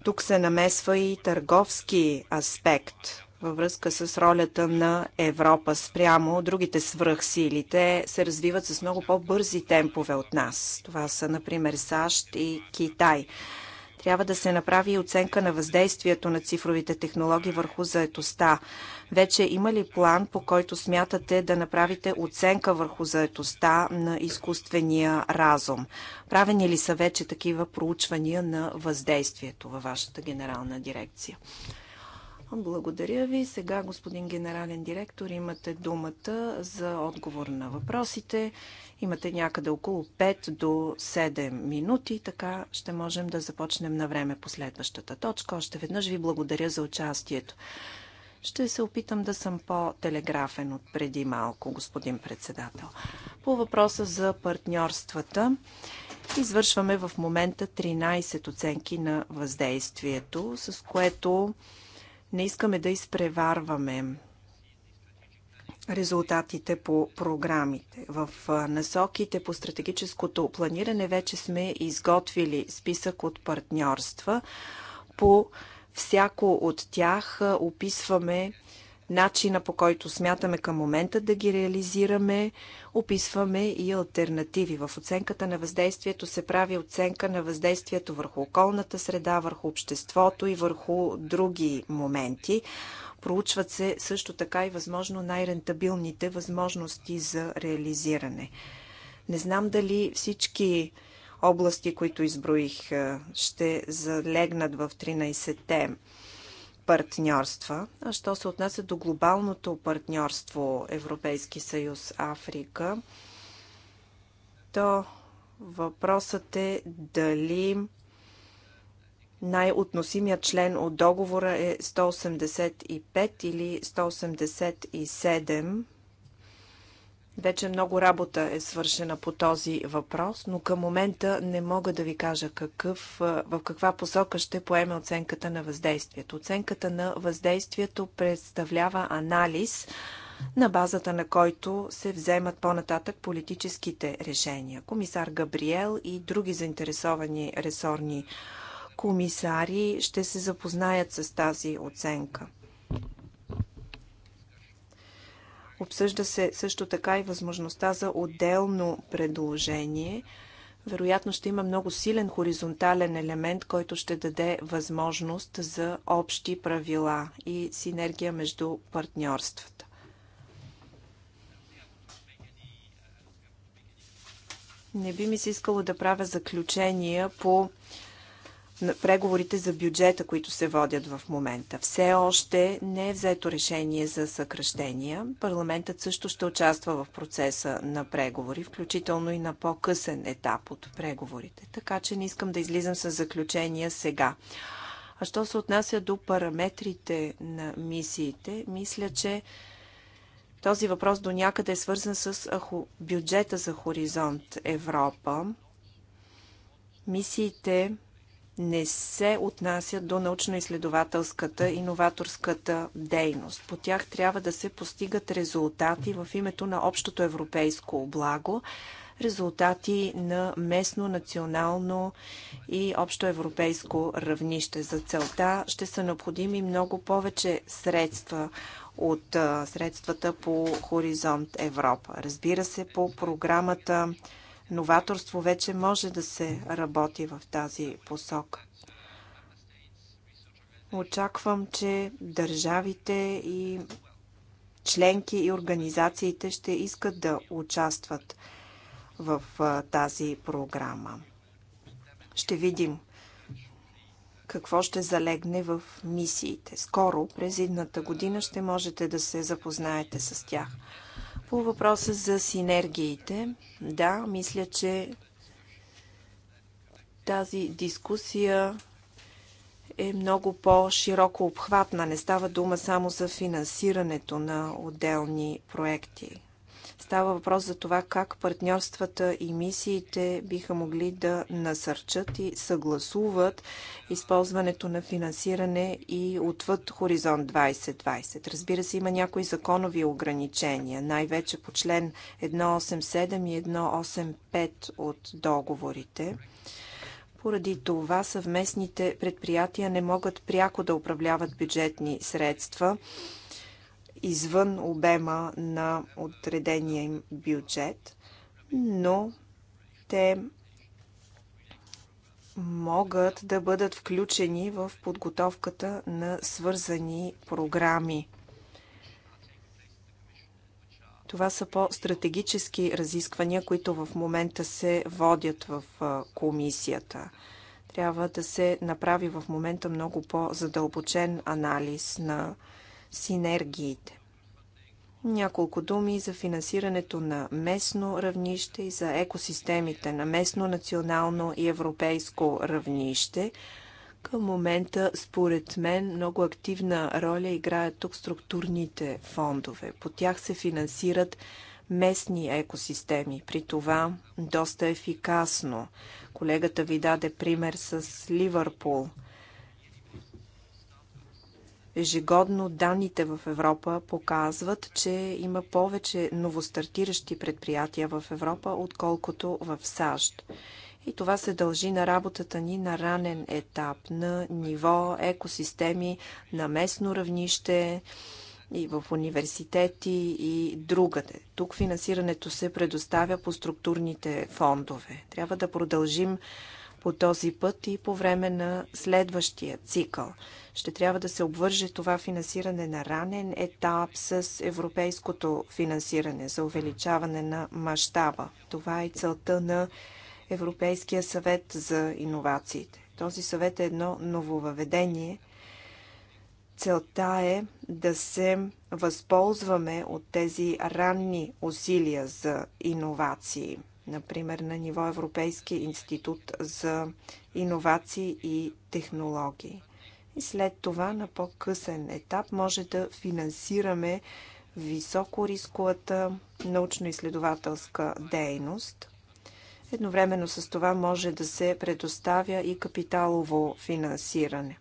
Тук се намесва и търговски аспект във връзка с ролята на Европа спрямо другите свръхсили. Те се развиват с много по-бързи темпове от нас. Това са, например, САЩ и Китай. Трябва да се направи оценка на въздействието на цифровите технологии върху заетостта. Вече има ли план, по който смятате да направите оценка върху заетостта на изкуствения разум? Правени ли са вече такива проучвания на въздействието във вашата генерална дирекция? Благодаря ви. Сега, господин генерален директор, имате думата за отговор на въпросите. Имате някъде около 5 до 7 минути, така ще можем да започнем на време последващата точка. Още веднъж ви благодаря за участието. Ще се опитам да съм по-телеграфен от преди малко, господин председател. По въпроса за партньорствата, извършваме в момента 13 оценки на въздействието, с което не искаме да изпреварваме резултатите по програмите. В насоките по стратегическото планиране вече сме изготвили списък от партньорства по всяко от тях описваме начина по който смятаме към момента да ги реализираме, описваме и альтернативи. В оценката на въздействието се прави оценка на въздействието върху околната среда, върху обществото и върху други моменти. Проучват се също така и възможно най-рентабилните възможности за реализиране. Не знам дали всички области, които изброих, ще залегнат в 13-те партньорства. А що се отнася до глобалното партньорство Европейски съюз Африка, то въпросът е дали най-относимият член от договора е 185 или 187 вече много работа е свършена по този въпрос, но към момента не мога да ви кажа какъв, в каква посока ще поеме оценката на въздействието. Оценката на въздействието представлява анализ, на базата на който се вземат по-нататък политическите решения. Комисар Габриел и други заинтересовани ресорни комисари ще се запознаят с тази оценка. Обсъжда се също така и възможността за отделно предложение. Вероятно ще има много силен хоризонтален елемент, който ще даде възможност за общи правила и синергия между партньорствата. Не би ми се искало да правя заключения по на преговорите за бюджета, които се водят в момента. Все още не е взето решение за съкръщения. Парламентът също ще участва в процеса на преговори, включително и на по-късен етап от преговорите. Така че не искам да излизам с заключения сега. А що се отнася до параметрите на мисиите, мисля, че този въпрос до някъде е свързан с бюджета за Хоризонт Европа. Мисиите не се отнасят до научно-изследователската и новаторската дейност. По тях трябва да се постигат резултати в името на общото европейско благо, резултати на местно, национално и общоевропейско равнище. За целта ще са необходими много повече средства от средствата по Хоризонт Европа. Разбира се, по програмата новаторство вече може да се работи в тази посока. Очаквам, че държавите и членки и организациите ще искат да участват в тази програма. Ще видим какво ще залегне в мисиите. Скоро, през едната година, ще можете да се запознаете с тях. По въпроса за синергиите, да, мисля, че тази дискусия е много по-широко обхватна. Не става дума само за финансирането на отделни проекти. Става въпрос за това как партньорствата и мисиите биха могли да насърчат и съгласуват използването на финансиране и отвъд Хоризонт 2020. Разбира се, има някои законови ограничения, най-вече по член 187 и 185 от договорите. Поради това съвместните предприятия не могат пряко да управляват бюджетни средства извън обема на отредения им бюджет, но те могат да бъдат включени в подготовката на свързани програми. Това са по-стратегически разисквания, които в момента се водят в комисията. Трябва да се направи в момента много по-задълбочен анализ на синергиите. Няколко думи за финансирането на местно равнище и за екосистемите на местно, национално и европейско равнище. Към момента, според мен, много активна роля играят тук структурните фондове. По тях се финансират местни екосистеми. При това доста ефикасно. Колегата ви даде пример с Ливърпул – Ежегодно данните в Европа показват, че има повече новостартиращи предприятия в Европа, отколкото в САЩ. И това се дължи на работата ни на ранен етап, на ниво екосистеми, на местно равнище, и в университети и другаде. Тук финансирането се предоставя по структурните фондове. Трябва да продължим по този път и по време на следващия цикъл. Ще трябва да се обвърже това финансиране на ранен етап с европейското финансиране за увеличаване на мащаба. Това е целта на Европейския съвет за иновациите. Този съвет е едно нововъведение. Целта е да се възползваме от тези ранни усилия за иновации, например на ниво Европейски институт за иновации и технологии и след това на по-късен етап може да финансираме високо рисковата научно-изследователска дейност. Едновременно с това може да се предоставя и капиталово финансиране.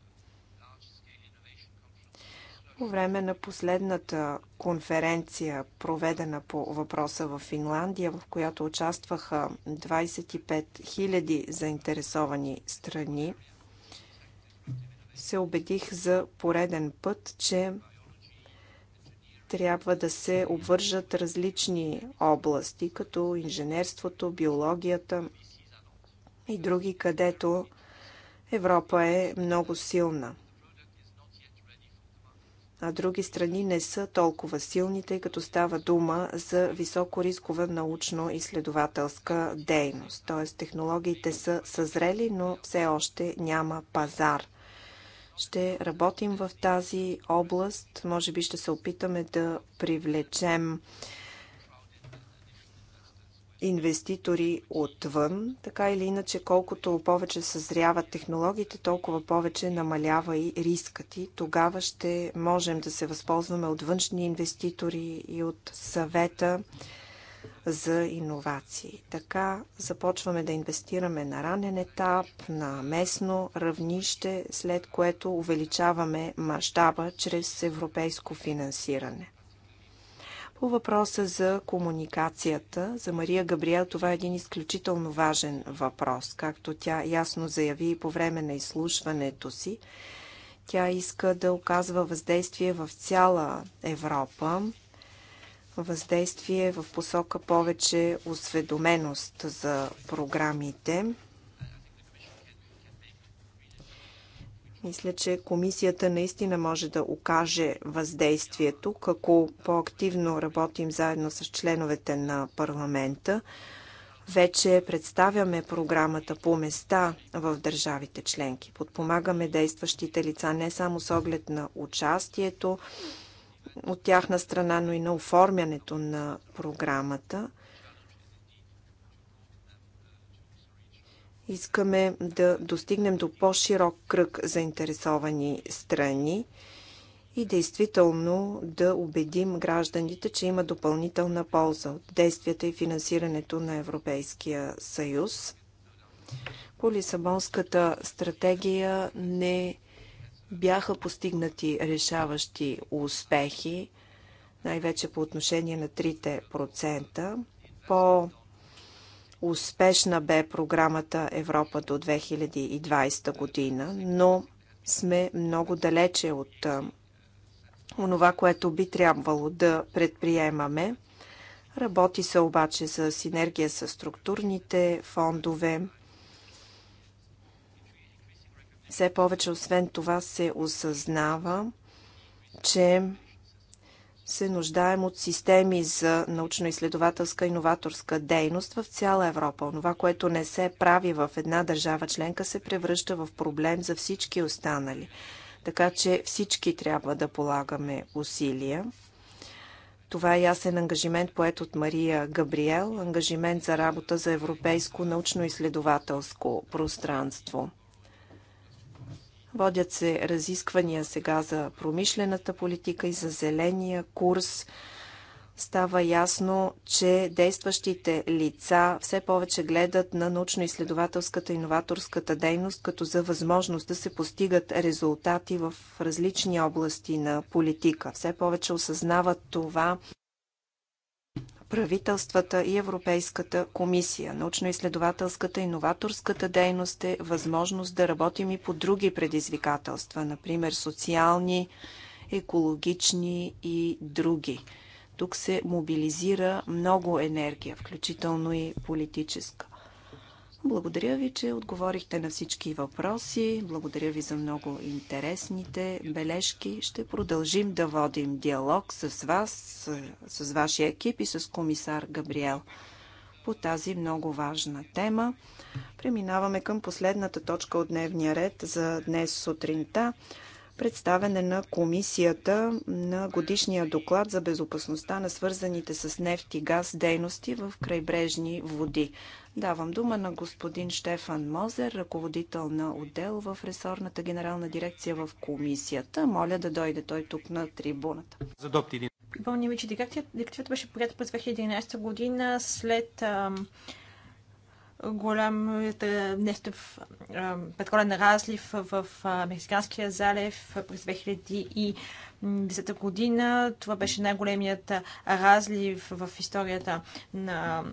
По време на последната конференция, проведена по въпроса в Финландия, в която участваха 25 000 заинтересовани страни, се убедих за пореден път, че трябва да се обвържат различни области, като инженерството, биологията и други, където Европа е много силна. А други страни не са толкова силни, тъй като става дума за високо рискова научно-изследователска дейност. Т.е. технологиите са съзрели, но все още няма пазар. Ще работим в тази област. Може би ще се опитаме да привлечем инвеститори отвън. Така или иначе, колкото повече съзряват технологиите, толкова повече намалява и рискът. И тогава ще можем да се възползваме от външни инвеститори и от съвета за иновации. Така започваме да инвестираме на ранен етап, на местно равнище, след което увеличаваме мащаба чрез европейско финансиране. По въпроса за комуникацията, за Мария Габриел това е един изключително важен въпрос, както тя ясно заяви по време на изслушването си. Тя иска да оказва въздействие в цяла Европа, въздействие в посока повече осведоменост за програмите. Мисля, че комисията наистина може да окаже въздействието, ако по-активно работим заедно с членовете на парламента. Вече представяме програмата по места в държавите членки. Подпомагаме действащите лица не само с оглед на участието, от тяхна страна, но и на оформянето на програмата. Искаме да достигнем до по-широк кръг заинтересовани страни и действително да убедим гражданите, че има допълнителна полза от действията и финансирането на Европейския съюз. По Лисабонската стратегия не е бяха постигнати решаващи успехи, най-вече по отношение на 3%. По успешна бе програмата Европа до 2020 година, но сме много далече от онова, което би трябвало да предприемаме. Работи се обаче за синергия с структурните фондове, все повече, освен това, се осъзнава, че се нуждаем от системи за научно-изследователска и новаторска дейност в цяла Европа. Онова, което не се прави в една държава членка, се превръща в проблем за всички останали. Така че всички трябва да полагаме усилия. Това е ясен ангажимент поет от Мария Габриел, ангажимент за работа за европейско научно-изследователско пространство – Водят се разисквания сега за промишлената политика и за зеления курс. Става ясно, че действащите лица все повече гледат на научно-изследователската и новаторската дейност като за възможност да се постигат резултати в различни области на политика. Все повече осъзнават това правителствата и Европейската комисия. Научно-изследователската и новаторската дейност е възможност да работим и по други предизвикателства, например социални, екологични и други. Тук се мобилизира много енергия, включително и политическа. Благодаря ви, че отговорихте на всички въпроси. Благодаря ви за много интересните бележки. Ще продължим да водим диалог с вас, с, с вашия екип и с комисар Габриел по тази много важна тема. Преминаваме към последната точка от дневния ред за днес сутринта представене на комисията на годишния доклад за безопасността на свързаните с нефт и газ дейности в крайбрежни води. Давам дума на господин Штефан Мозер, ръководител на отдел в ресорната генерална
дирекция в комисията. Моля да дойде той тук на трибуната. Припомням ви, че директивата беше прията през 2011 година след ам, голямата петролен разлив в Мексиканския залив през 2010 година. Това беше най-големият разлив в историята на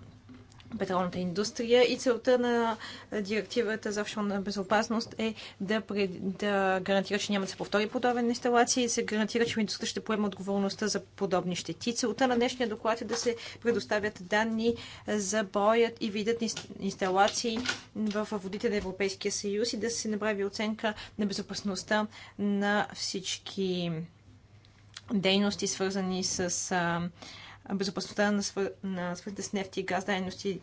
петролната индустрия и целта на директивата за офшорна безопасност е да, пред, да гарантира, че няма да се повтори подобен инсталация и се гарантира, че индустрията ще поема отговорността за подобни щети. Целта на днешния доклад е да се предоставят данни за броят и видът инсталации в водите на Европейския съюз и да се направи оценка на безопасността на всички дейности, свързани с безопасността на, свър... на свързаните с нефти и газ дайности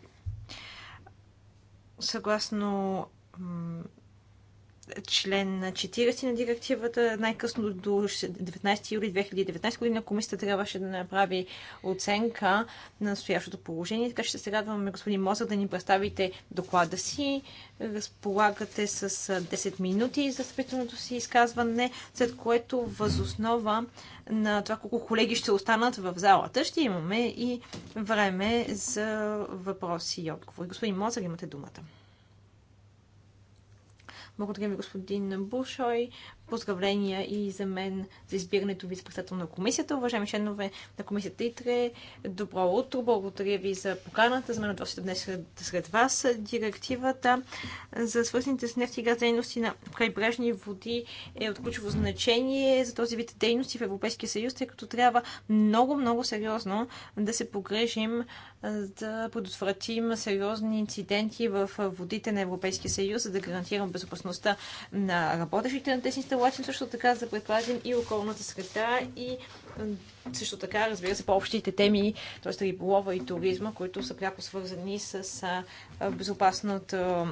съгласно член 40 на директивата, най-късно до 19 юли 2019 година комисията трябваше да направи оценка на настоящото положение. Така ще се радваме, господин Мозър, да ни представите доклада си. Разполагате с 10 минути за съпитаното си изказване, след което възоснова на това колко колеги ще останат в залата, ще имаме и време за въпроси и отговори. Господин Мозър, имате думата. Благодаря ви, господин Бушой. Поздравления и за мен за избирането ви за председател на комисията. Уважаеми членове на комисията ИТРЕ, добро утро, благодаря ви за поканата. За мен е удоволствие днес сред, сред вас. Директивата за свързаните с нефти и газ дейности на крайбрежни води е от ключово значение за този вид дейности в Европейския съюз, тъй като трябва много, много сериозно да се погрежим да предотвратим сериозни инциденти в водите на Европейския съюз, за да гарантирам безопасността на работещите на тези желаем също така да предпазим и околната среда и също така, разбира се, по-общите теми, т.е. риболова и туризма, които са пряко свързани с безопасната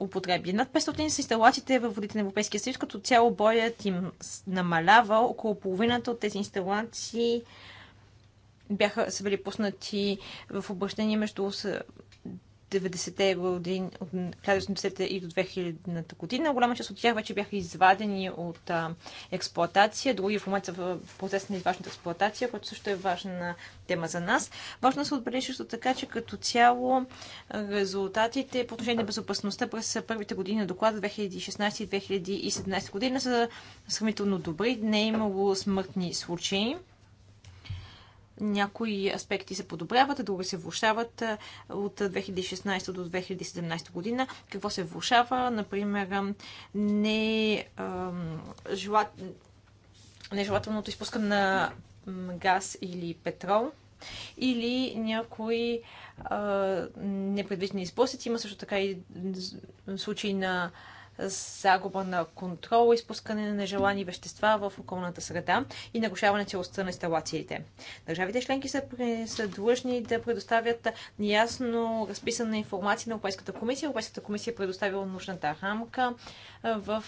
употреби. Над 500 са инсталациите във водите на Европейския съюз, като цяло боят им намалява. Около половината от тези инсталации бяха са били пуснати в обращение между 90-те години, от 1980-те и до 2000-та година. Голяма част от тях вече бяха извадени от а, експлоатация, други в момента са в процес на изважната експлоатация, което също е важна тема за нас. Важно е се отбележи също така, че като цяло резултатите по отношение на безопасността през първите години на доклада 2016 и 2017 година са сравнително добри. Не е имало смъртни случаи някои аспекти се подобряват, други се влушават е, от 2016 до 2017 година. Какво се влушава? Например, е, не, е, нежелателното изпускане на газ или петрол или някои непредвидени изплосъци. Има също така и случаи на загуба на контрол, изпускане на нежелани вещества в околната среда и нарушаване целостта на инсталациите. Държавите членки са, са длъжни да предоставят ясно разписана информация на Европейската комисия. Европейската комисия е предоставила нужната рамка в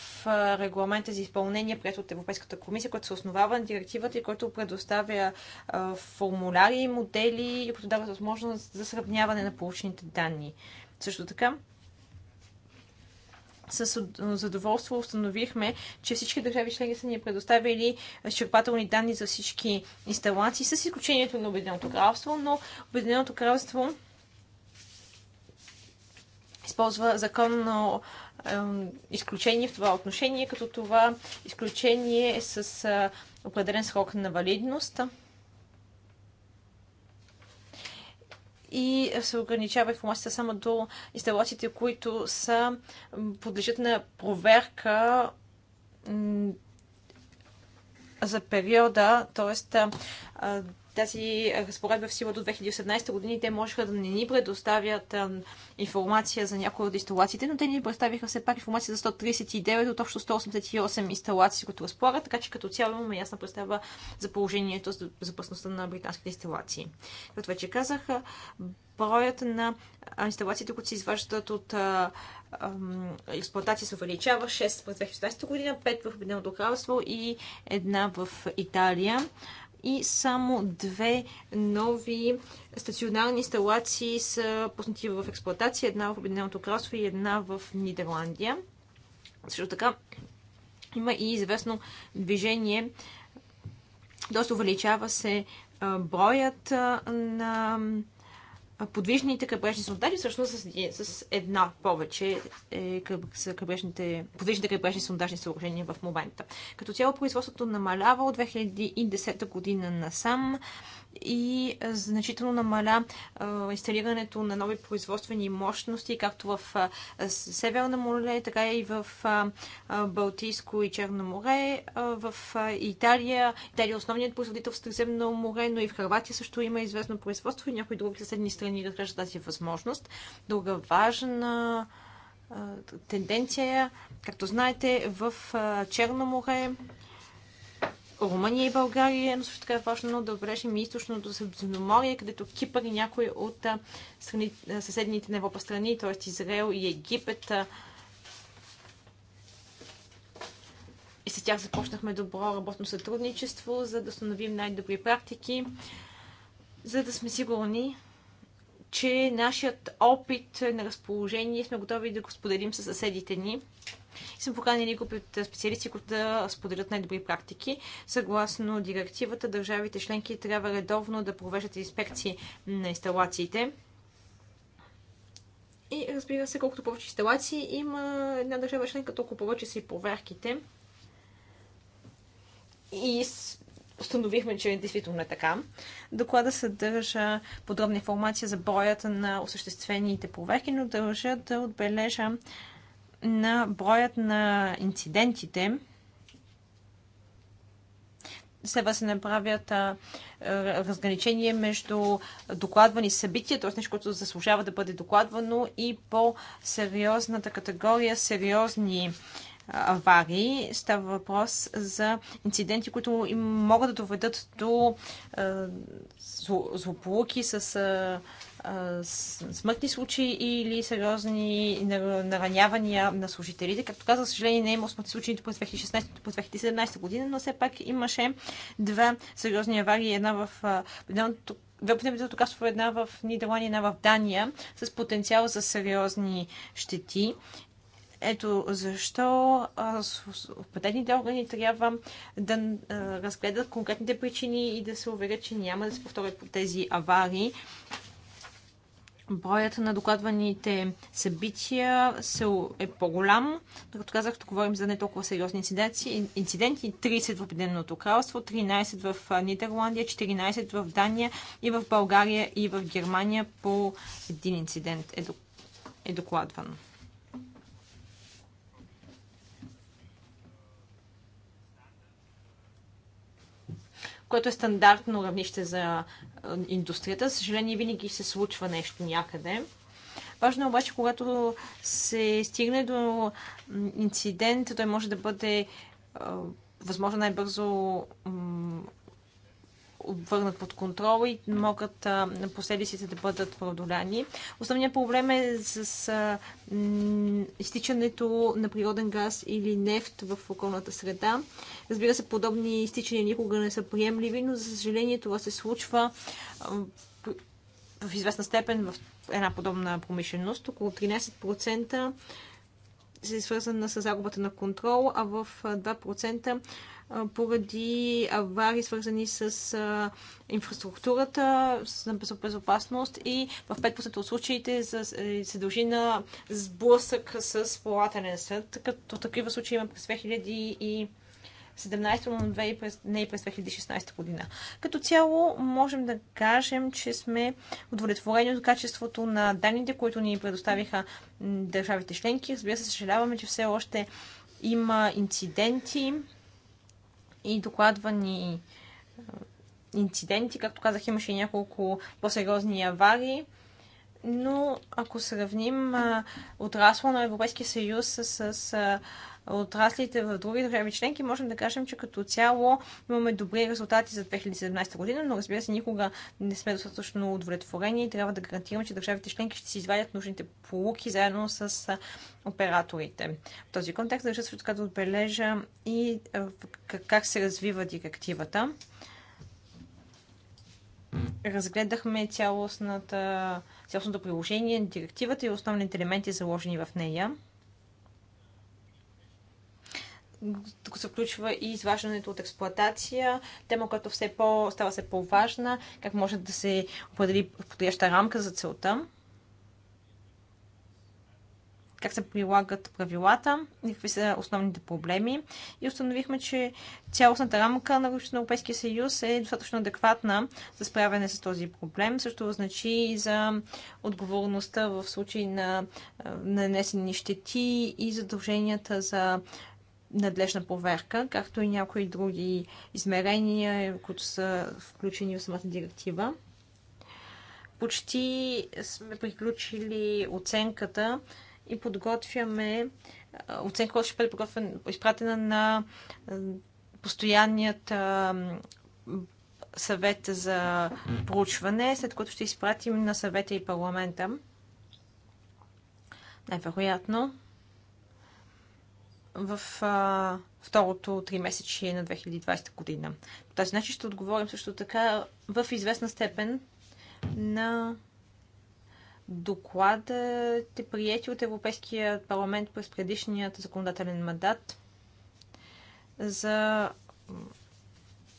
регламента за изпълнение, прият от Европейската комисия, който се основава на директивата и който предоставя формуляри и модели, и дава възможност за сравняване на получените данни. Също така, с задоволство установихме, че всички държави членки са ни предоставили изчерпателни данни за всички инсталации, с изключението на Обединеното кралство, но Обединеното кралство използва законно изключение в това отношение, като това изключение е с определен срок на валидност. и се ограничава информацията само до инсталациите, които са подлежат на проверка за периода, т.е тази разпоредба в сила до 2018 години, те можеха да не ни предоставят информация за някои от инсталациите, но те ни представиха все пак информация за 139 от общо 188 инсталации, които разполагат, така че като цяло имаме ясна представа за положението за безопасността на британските инсталации. Както вече казах, броят на инсталациите, които се изваждат от експлуатация се увеличава. 6 през 2016 година, 5 в Обединеното кралство и една в Италия и само две нови стационарни инсталации са пуснати в експлоатация. Една в Обединеното кралство и една в Нидерландия. Също така има и известно движение. Доста увеличава се броят на подвижните крайбрежни сондажи, всъщност с, с една повече е, с кръбрежните, подвижните крайбрежни сондажни съоръжения в момента. Като цяло производството намалява от 2010 година насам и значително намаля инсталирането на нови производствени мощности, както в Северна море, така и в Балтийско и Черно море. В Италия, Италия е основният производител в Средиземно море, но и в Харватия също има известно производство и някои други съседни страни разглеждат тази възможност. Друга важна тенденция, както знаете, в Черно море Румъния и България, но също така е важно да отбележим и източното Средиземноморие, където Кипър и някои от страни, съседните на Европа страни, т.е. Израел и Египет, и с тях започнахме добро работно сътрудничество, за да установим най-добри практики, за да сме сигурни, че нашият опит е на разположение сме готови да го споделим с съседите ни. И сме поканили групи от специалисти, които да споделят най-добри практики. Съгласно директивата, държавите членки трябва редовно да провеждат инспекции на инсталациите. И разбира се, колкото повече инсталации има една държава членка, толкова повече са и проверките. И установихме, че е действително е така. Доклада съдържа подробна информация за броята на осъществените проверки, но държа да отбележа на броят на инцидентите. Следва се направят а, разграничение между докладвани събития, т.е. нещо, което заслужава да бъде докладвано, и по-сериозната категория сериозни аварии. Става въпрос за инциденти, които им могат да доведат до злополуки с смъртни случаи или сериозни наранявания на служителите. Както каза, за съжаление не е имало смъртни случаи през 2016, по през 2017 година, но все пак имаше два сериозни аварии. Една в Обединеното две потребителното каство, една в Нидерландия, една в Дания, с потенциал за сериозни щети. Ето защо компетентните органи трябва да разгледат конкретните причини и да се уверят, че няма да се повторят тези аварии. Броят на докладваните събития е по-голям. Като казах, говорим за не толкова сериозни инциденти. инциденти 30 в Обединеното кралство, 13 в Нидерландия, 14 в Дания и в България и в Германия по един инцидент е, е докладван. което е стандартно равнище за е, индустрията. Съжаление, винаги се случва нещо някъде. Важно е обаче, когато се стигне до инцидент, той може да бъде е, възможно най-бързо върнат под контрол и могат а, последиците да бъдат продоляни. Основният проблем е с а, м, изтичането на природен газ или нефт в околната среда. Разбира се, подобни изтичания никога не са приемливи, но за съжаление това се случва а, в известна степен в една подобна промишленост. Около 13% се е свързана с загубата на контрол, а в 2% поради аварии, свързани с инфраструктурата, с безопасност и в 5% от случаите е, се дължи на сблъсък с плавателен съд, като такива случаи има през 2000 и 2017, но не и през 2016 година. Като цяло можем да кажем, че сме удовлетворени от качеството на данните, които ни предоставиха държавите членки. Разбира се, съжаляваме, че все още има инциденти, и докладвани е, инциденти. Както казах, имаше и няколко по-сериозни аварии. Но ако сравним е, отрасла на Европейския съюз с, с е, отраслите в други държави членки, можем да кажем, че като цяло имаме добри резултати за 2017 година, но разбира се, никога не сме достатъчно удовлетворени и трябва да гарантираме, че държавите членки ще си извадят нужните полуки заедно с операторите. В този контекст държа също така да отбележа и как се развива директивата. Разгледахме цялостната, цялостното приложение, директивата и основните елементи заложени в нея тук се включва и изваждането от експлоатация, тема, която все по, става все по-важна, как може да се определи подходяща рамка за целта, как се прилагат правилата, какви са основните проблеми. И установихме, че цялостната рамка на Европейския съюз е достатъчно адекватна за справяне с този проблем. Също значи и за отговорността в случай на нанесени щети и задълженията за надлежна проверка, както и някои други измерения, които са включени в самата директива. Почти сме приключили оценката и подготвяме оценка, която ще бъде изпратена на постоянният съвет за проучване, след което ще изпратим на съвета и парламента. Най-вероятно в а, второто три месече на 2020 година. По тази начин ще отговорим също така в известна степен на е прияти от Европейския парламент през предишният законодателен мандат за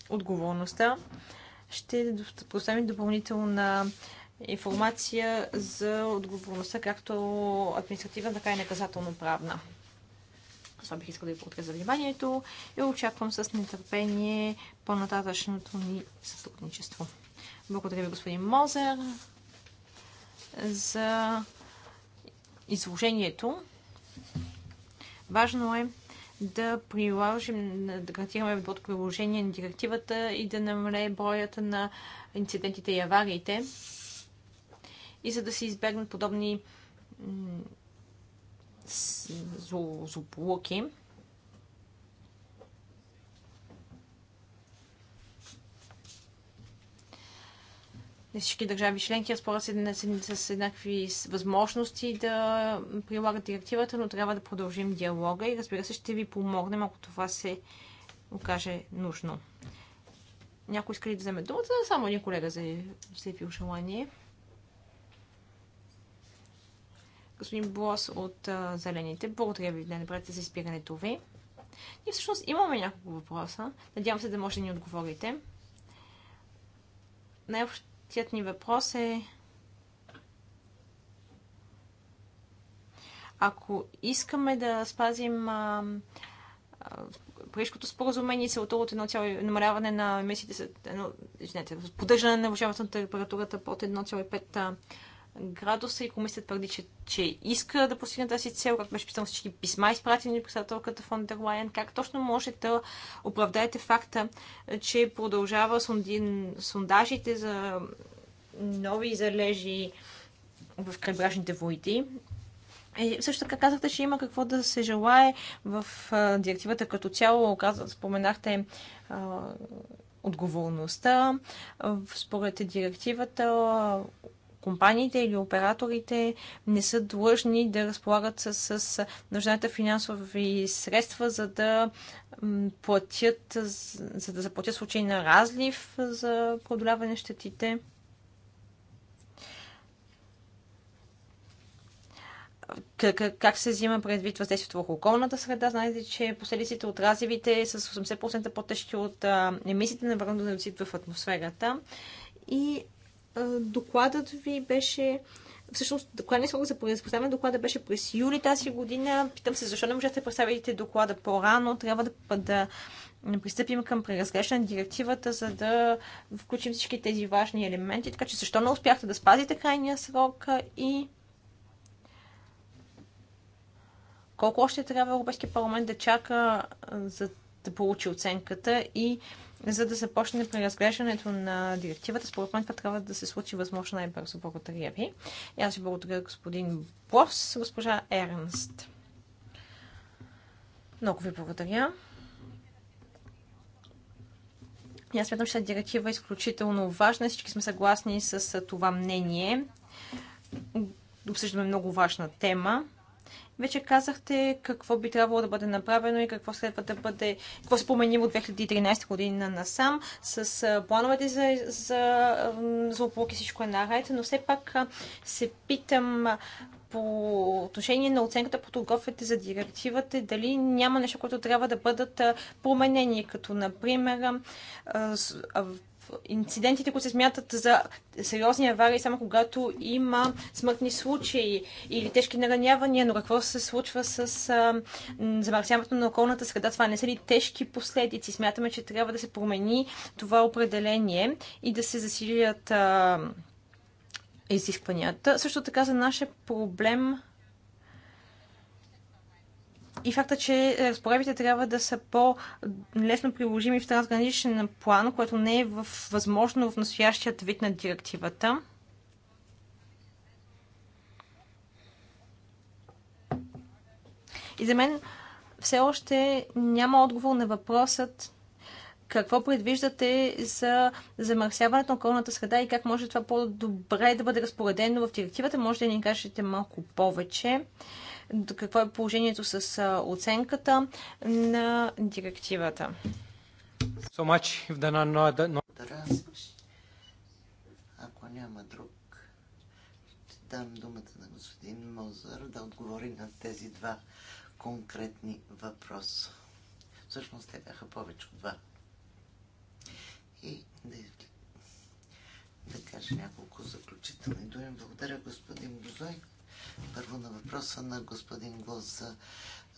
отговорността. Ще поставим допълнителна информация за отговорността, както административна, така и наказателно-правна. Това бих искала да ви благодаря за вниманието и очаквам с нетърпение по-нататъчното ни сътрудничество. Благодаря ви, господин Мозер, за изложението. Важно е да приложим, да гарантираме доброто приложение на директивата и да намалее броята на инцидентите и авариите. И за да се избегнат подобни злополуки. Не всички държави членки разполагат с еднакви възможности да прилагат директивата, но трябва да продължим диалога и разбира се ще ви помогнем, ако това се окаже нужно. Някой иска ли да вземе думата? Само един колега заявил желание. господин Блос от а, Зелените. Благодаря ви, най-напред, за изпирането ви. Ние всъщност имаме няколко въпроса. Надявам се да може да ни отговорите. Най-общият ни въпрос е ако искаме да спазим а, а, Парижското споразумение и целта от едно цяло намаляване на емисиите, поддържане на въжаването на температурата под 1,5 градуса и комисията твърди, че, че иска да постигне тази цел, както беше писано всички писма, изпратени председателката фон дер Лайен. Как точно може да оправдаете факта, че продължава сундин, за нови залежи в крайбрежните войти? и също така казахте, че има какво да се желае в а, директивата като цяло. Казах, споменахте а, отговорността. Според директивата компаниите или операторите не са длъжни да разполагат с, с нужната финансови средства, за да платят, за да заплатят случай на разлив за продоляване щетите. как се взима предвид въздействието върху околната среда. Знаете, че последиците от разливите са с 80% по-тежки от емисиите на въглероден диоксид в атмосферата. И докладът ви беше Всъщност, не срок за представяне доклада беше през юли тази година. Питам се, защо не можете да представите доклада по-рано? Трябва да, да пристъпим към преразглеждане на директивата, за да включим всички тези важни елементи. Така че, защо не успяхте да спазите крайния срок и колко още трябва Европейския парламент да чака за да получи оценката и за да започне разглеждането на директивата. Според мен това трябва да се случи възможно най-бързо. Благодаря ви. И аз ви благодаря господин Блос, госпожа Ернст. Много ви благодаря. Аз смятам, че директива е изключително важна. Всички сме съгласни с това мнение. Обсъждаме много важна тема. Вече казахте какво би трябвало да бъде направено и какво следва да бъде, какво се променим от 2013 година насам. С плановете за, за злополуки всичко е наред, но все пак се питам по отношение на оценката по торговете за директивата, дали няма нещо, което трябва да бъдат променени, като например инцидентите, които се смятат за сериозни аварии, само когато има смъртни случаи или тежки наранявания, но какво се случва с замърсяването на околната среда? Това не са ли тежки последици? Смятаме, че трябва да се промени това определение и да се засилят а, изискванията. Също така за нашия проблем и факта, че е, разпоредбите трябва да са по-лесно приложими в трансграничен план, което не е възможно в настоящият вид на директивата. И за мен все още няма отговор на въпросът какво предвиждате за замърсяването на околната среда и как може това по-добре да бъде разпоредено в директивата? Може да ни кажете малко повече какво е положението с оценката на
директивата. So much, if
Ако няма друг, ще дам думата на господин Мозър да отговори на тези два конкретни въпроса. Всъщност те бяха повече от два. И да, да кажа няколко заключителни думи. Благодаря, господин Бозой. Първо на въпроса на господин Глос за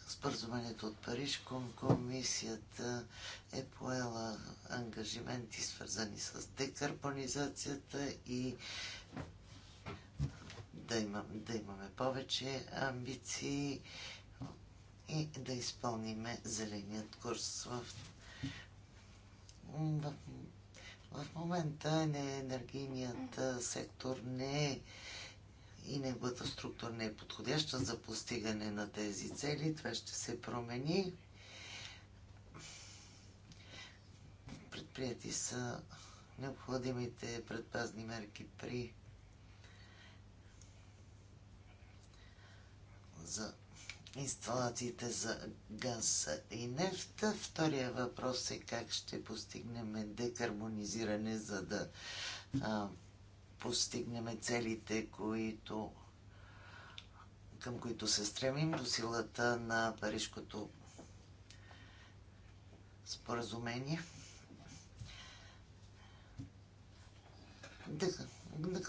споразумението от Париж. Комисията е поела ангажименти, свързани с декарбонизацията и да, имаме, да имаме повече амбиции и да изпълниме зеленият курс. В, в, в момента не, енергийният сектор не е и неговата структура не е подходяща за постигане на тези цели. Това ще се промени. Предприяти са необходимите предпазни мерки при за инсталациите за газ и нефта. Втория въпрос е как ще постигнем декарбонизиране, за да а, постигнем целите, които, към които се стремим до силата на Парижкото споразумение. Да, да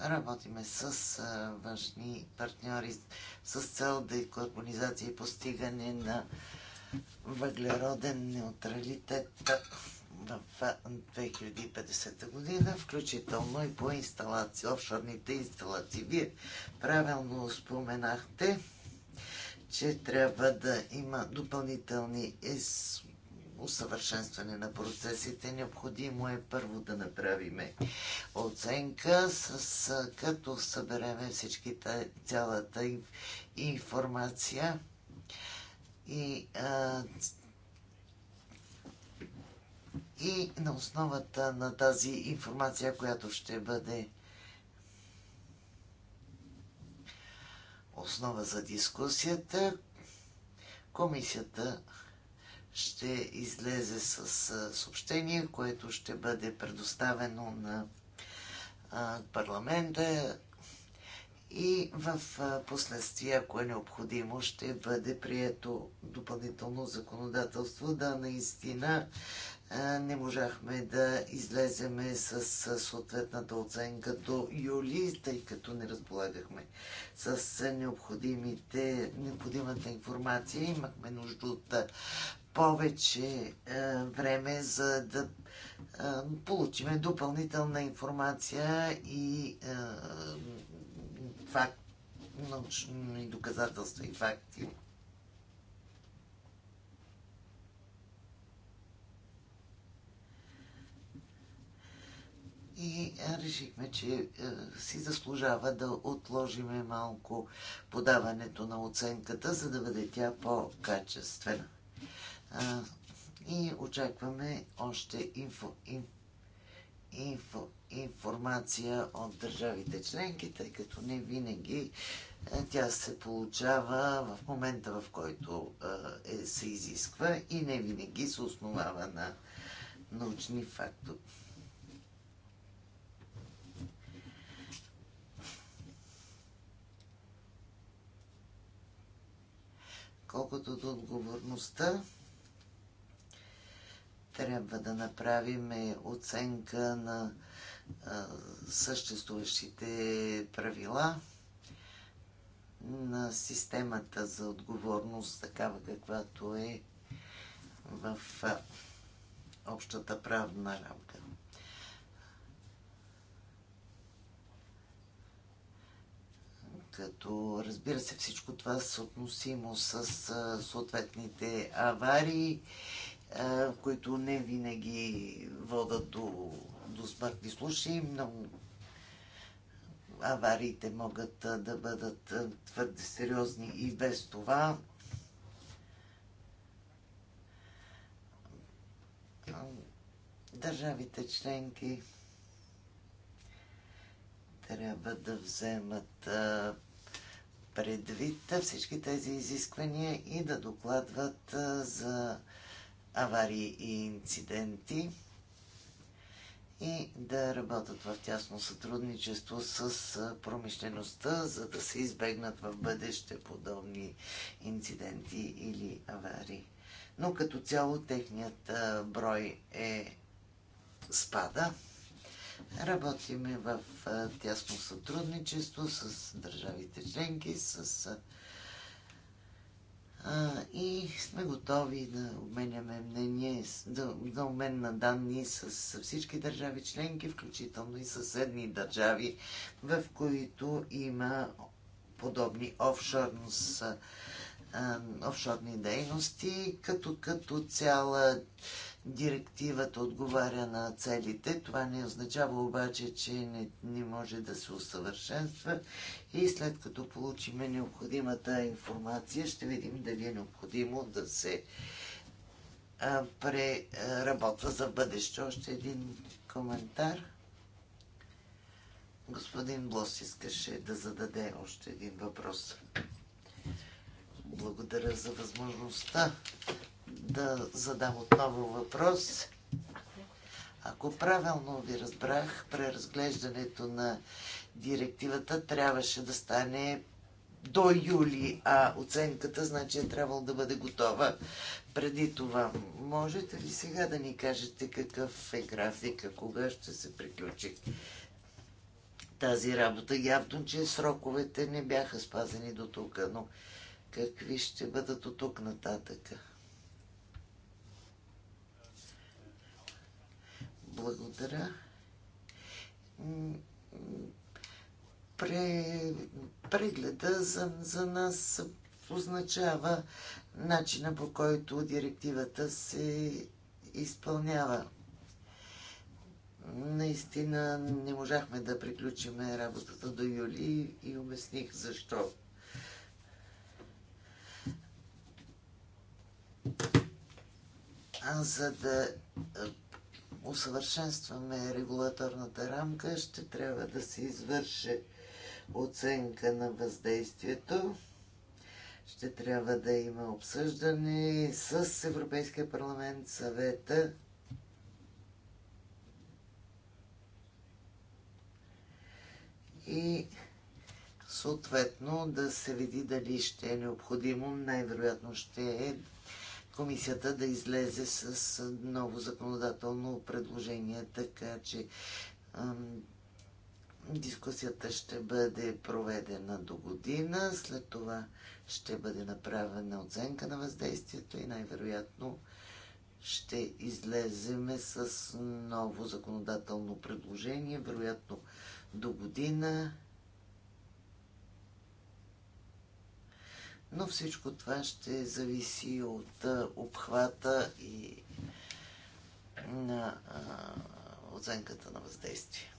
работиме с а, външни партньори с цел декарбонизация и постигане на въглероден неутралитет в 2050 година, включително и по инсталации, офшорните инсталации. Вие правилно споменахте, че трябва да има допълнителни усъвършенстване на процесите. Необходимо е първо да направиме оценка, с, като събереме всички цялата информация и а, и на основата на тази информация, която ще бъде основа за дискусията, комисията ще излезе с съобщение, което ще бъде предоставено на парламента и в последствие, ако е необходимо, ще бъде прието допълнително законодателство. Да, наистина не можахме да излеземе с съответната оценка до юли, тъй като не разполагахме с необходимите, необходимата информация. Имахме нужда от повече време, за да получиме допълнителна информация и факт, научни доказателства и факти. и е, решихме, че е, си заслужава да отложиме малко подаването на оценката, за да бъде тя по-качествена. И очакваме още инфо, ин, инфо, информация от държавите членки, тъй като не винаги е, тя се получава в момента, в който е, се изисква и не винаги се основава на научни фактори. Колкото до отговорността, трябва да направим оценка на съществуващите правила на системата за отговорност, такава каквато е в общата правна рамка. като разбира се всичко това е съотносимо с съответните аварии, които не винаги водат до, до смъртни случаи. Много авариите могат да бъдат твърде сериозни и без това. Държавите членки трябва да вземат предвид всички тези изисквания и да докладват за аварии и инциденти и да работят в тясно сътрудничество с промишлеността, за да се избегнат в бъдеще подобни инциденти или аварии. Но като цяло техният брой е спада. Работиме в тясно сътрудничество с държавите членки, с и сме готови да обменяме мнение, да, да обмен на данни с, с всички държави членки, включително и съседни държави, в които има подобни офшорност, офшорни дейности, като като цяла директивата отговаря на целите. Това не означава обаче, че не, не може да се усъвършенства и след като получиме необходимата информация, ще видим дали е необходимо да се а, преработва за бъдеще. Още един коментар. Господин Блос искаше да зададе още един въпрос. Благодаря за възможността да задам отново въпрос. Ако правилно ви разбрах, преразглеждането на директивата трябваше да стане до юли, а оценката значи е трябвало да бъде готова преди това. Можете ли сега да ни кажете какъв е графика, кога ще се приключи тази работа? Явно, че сроковете не бяха спазени до тук, но какви ще бъдат от тук нататъка? Благодаря. Прегледа за, за нас означава начина по който директивата се изпълнява. Наистина не можахме да приключиме работата до юли и обясних защо. За да усъвършенстваме регулаторната рамка, ще трябва да се извърши оценка на въздействието. Ще трябва да има обсъждане с Европейския парламент, съвета. И съответно да се види дали ще е необходимо, най-вероятно ще е комисията да излезе с ново законодателно предложение, така че Дискусията ще бъде проведена до година, след това ще бъде направена оценка на въздействието и най-вероятно ще излеземе с ново законодателно предложение, вероятно до година но всичко това ще зависи от обхвата и на оценката на въздействие.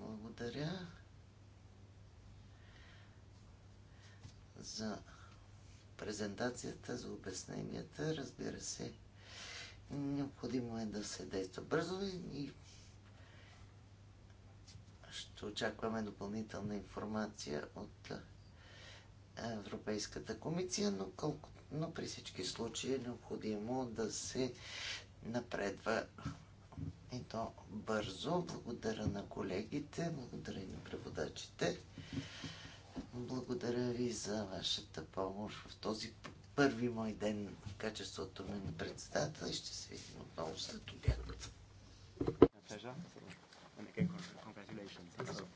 Благодаря за презентацията, за обясненията. Разбира се, необходимо е да се действа бързо и ще очакваме допълнителна информация от Европейската комисия, но, колко, но при всички случаи е необходимо да се напредва и то бързо. Благодаря на колегите, благодаря и на преводачите. Благодаря ви за вашата помощ в този първи мой ден в качеството ми на председател и ще се видим отново след обяд. Congratulations.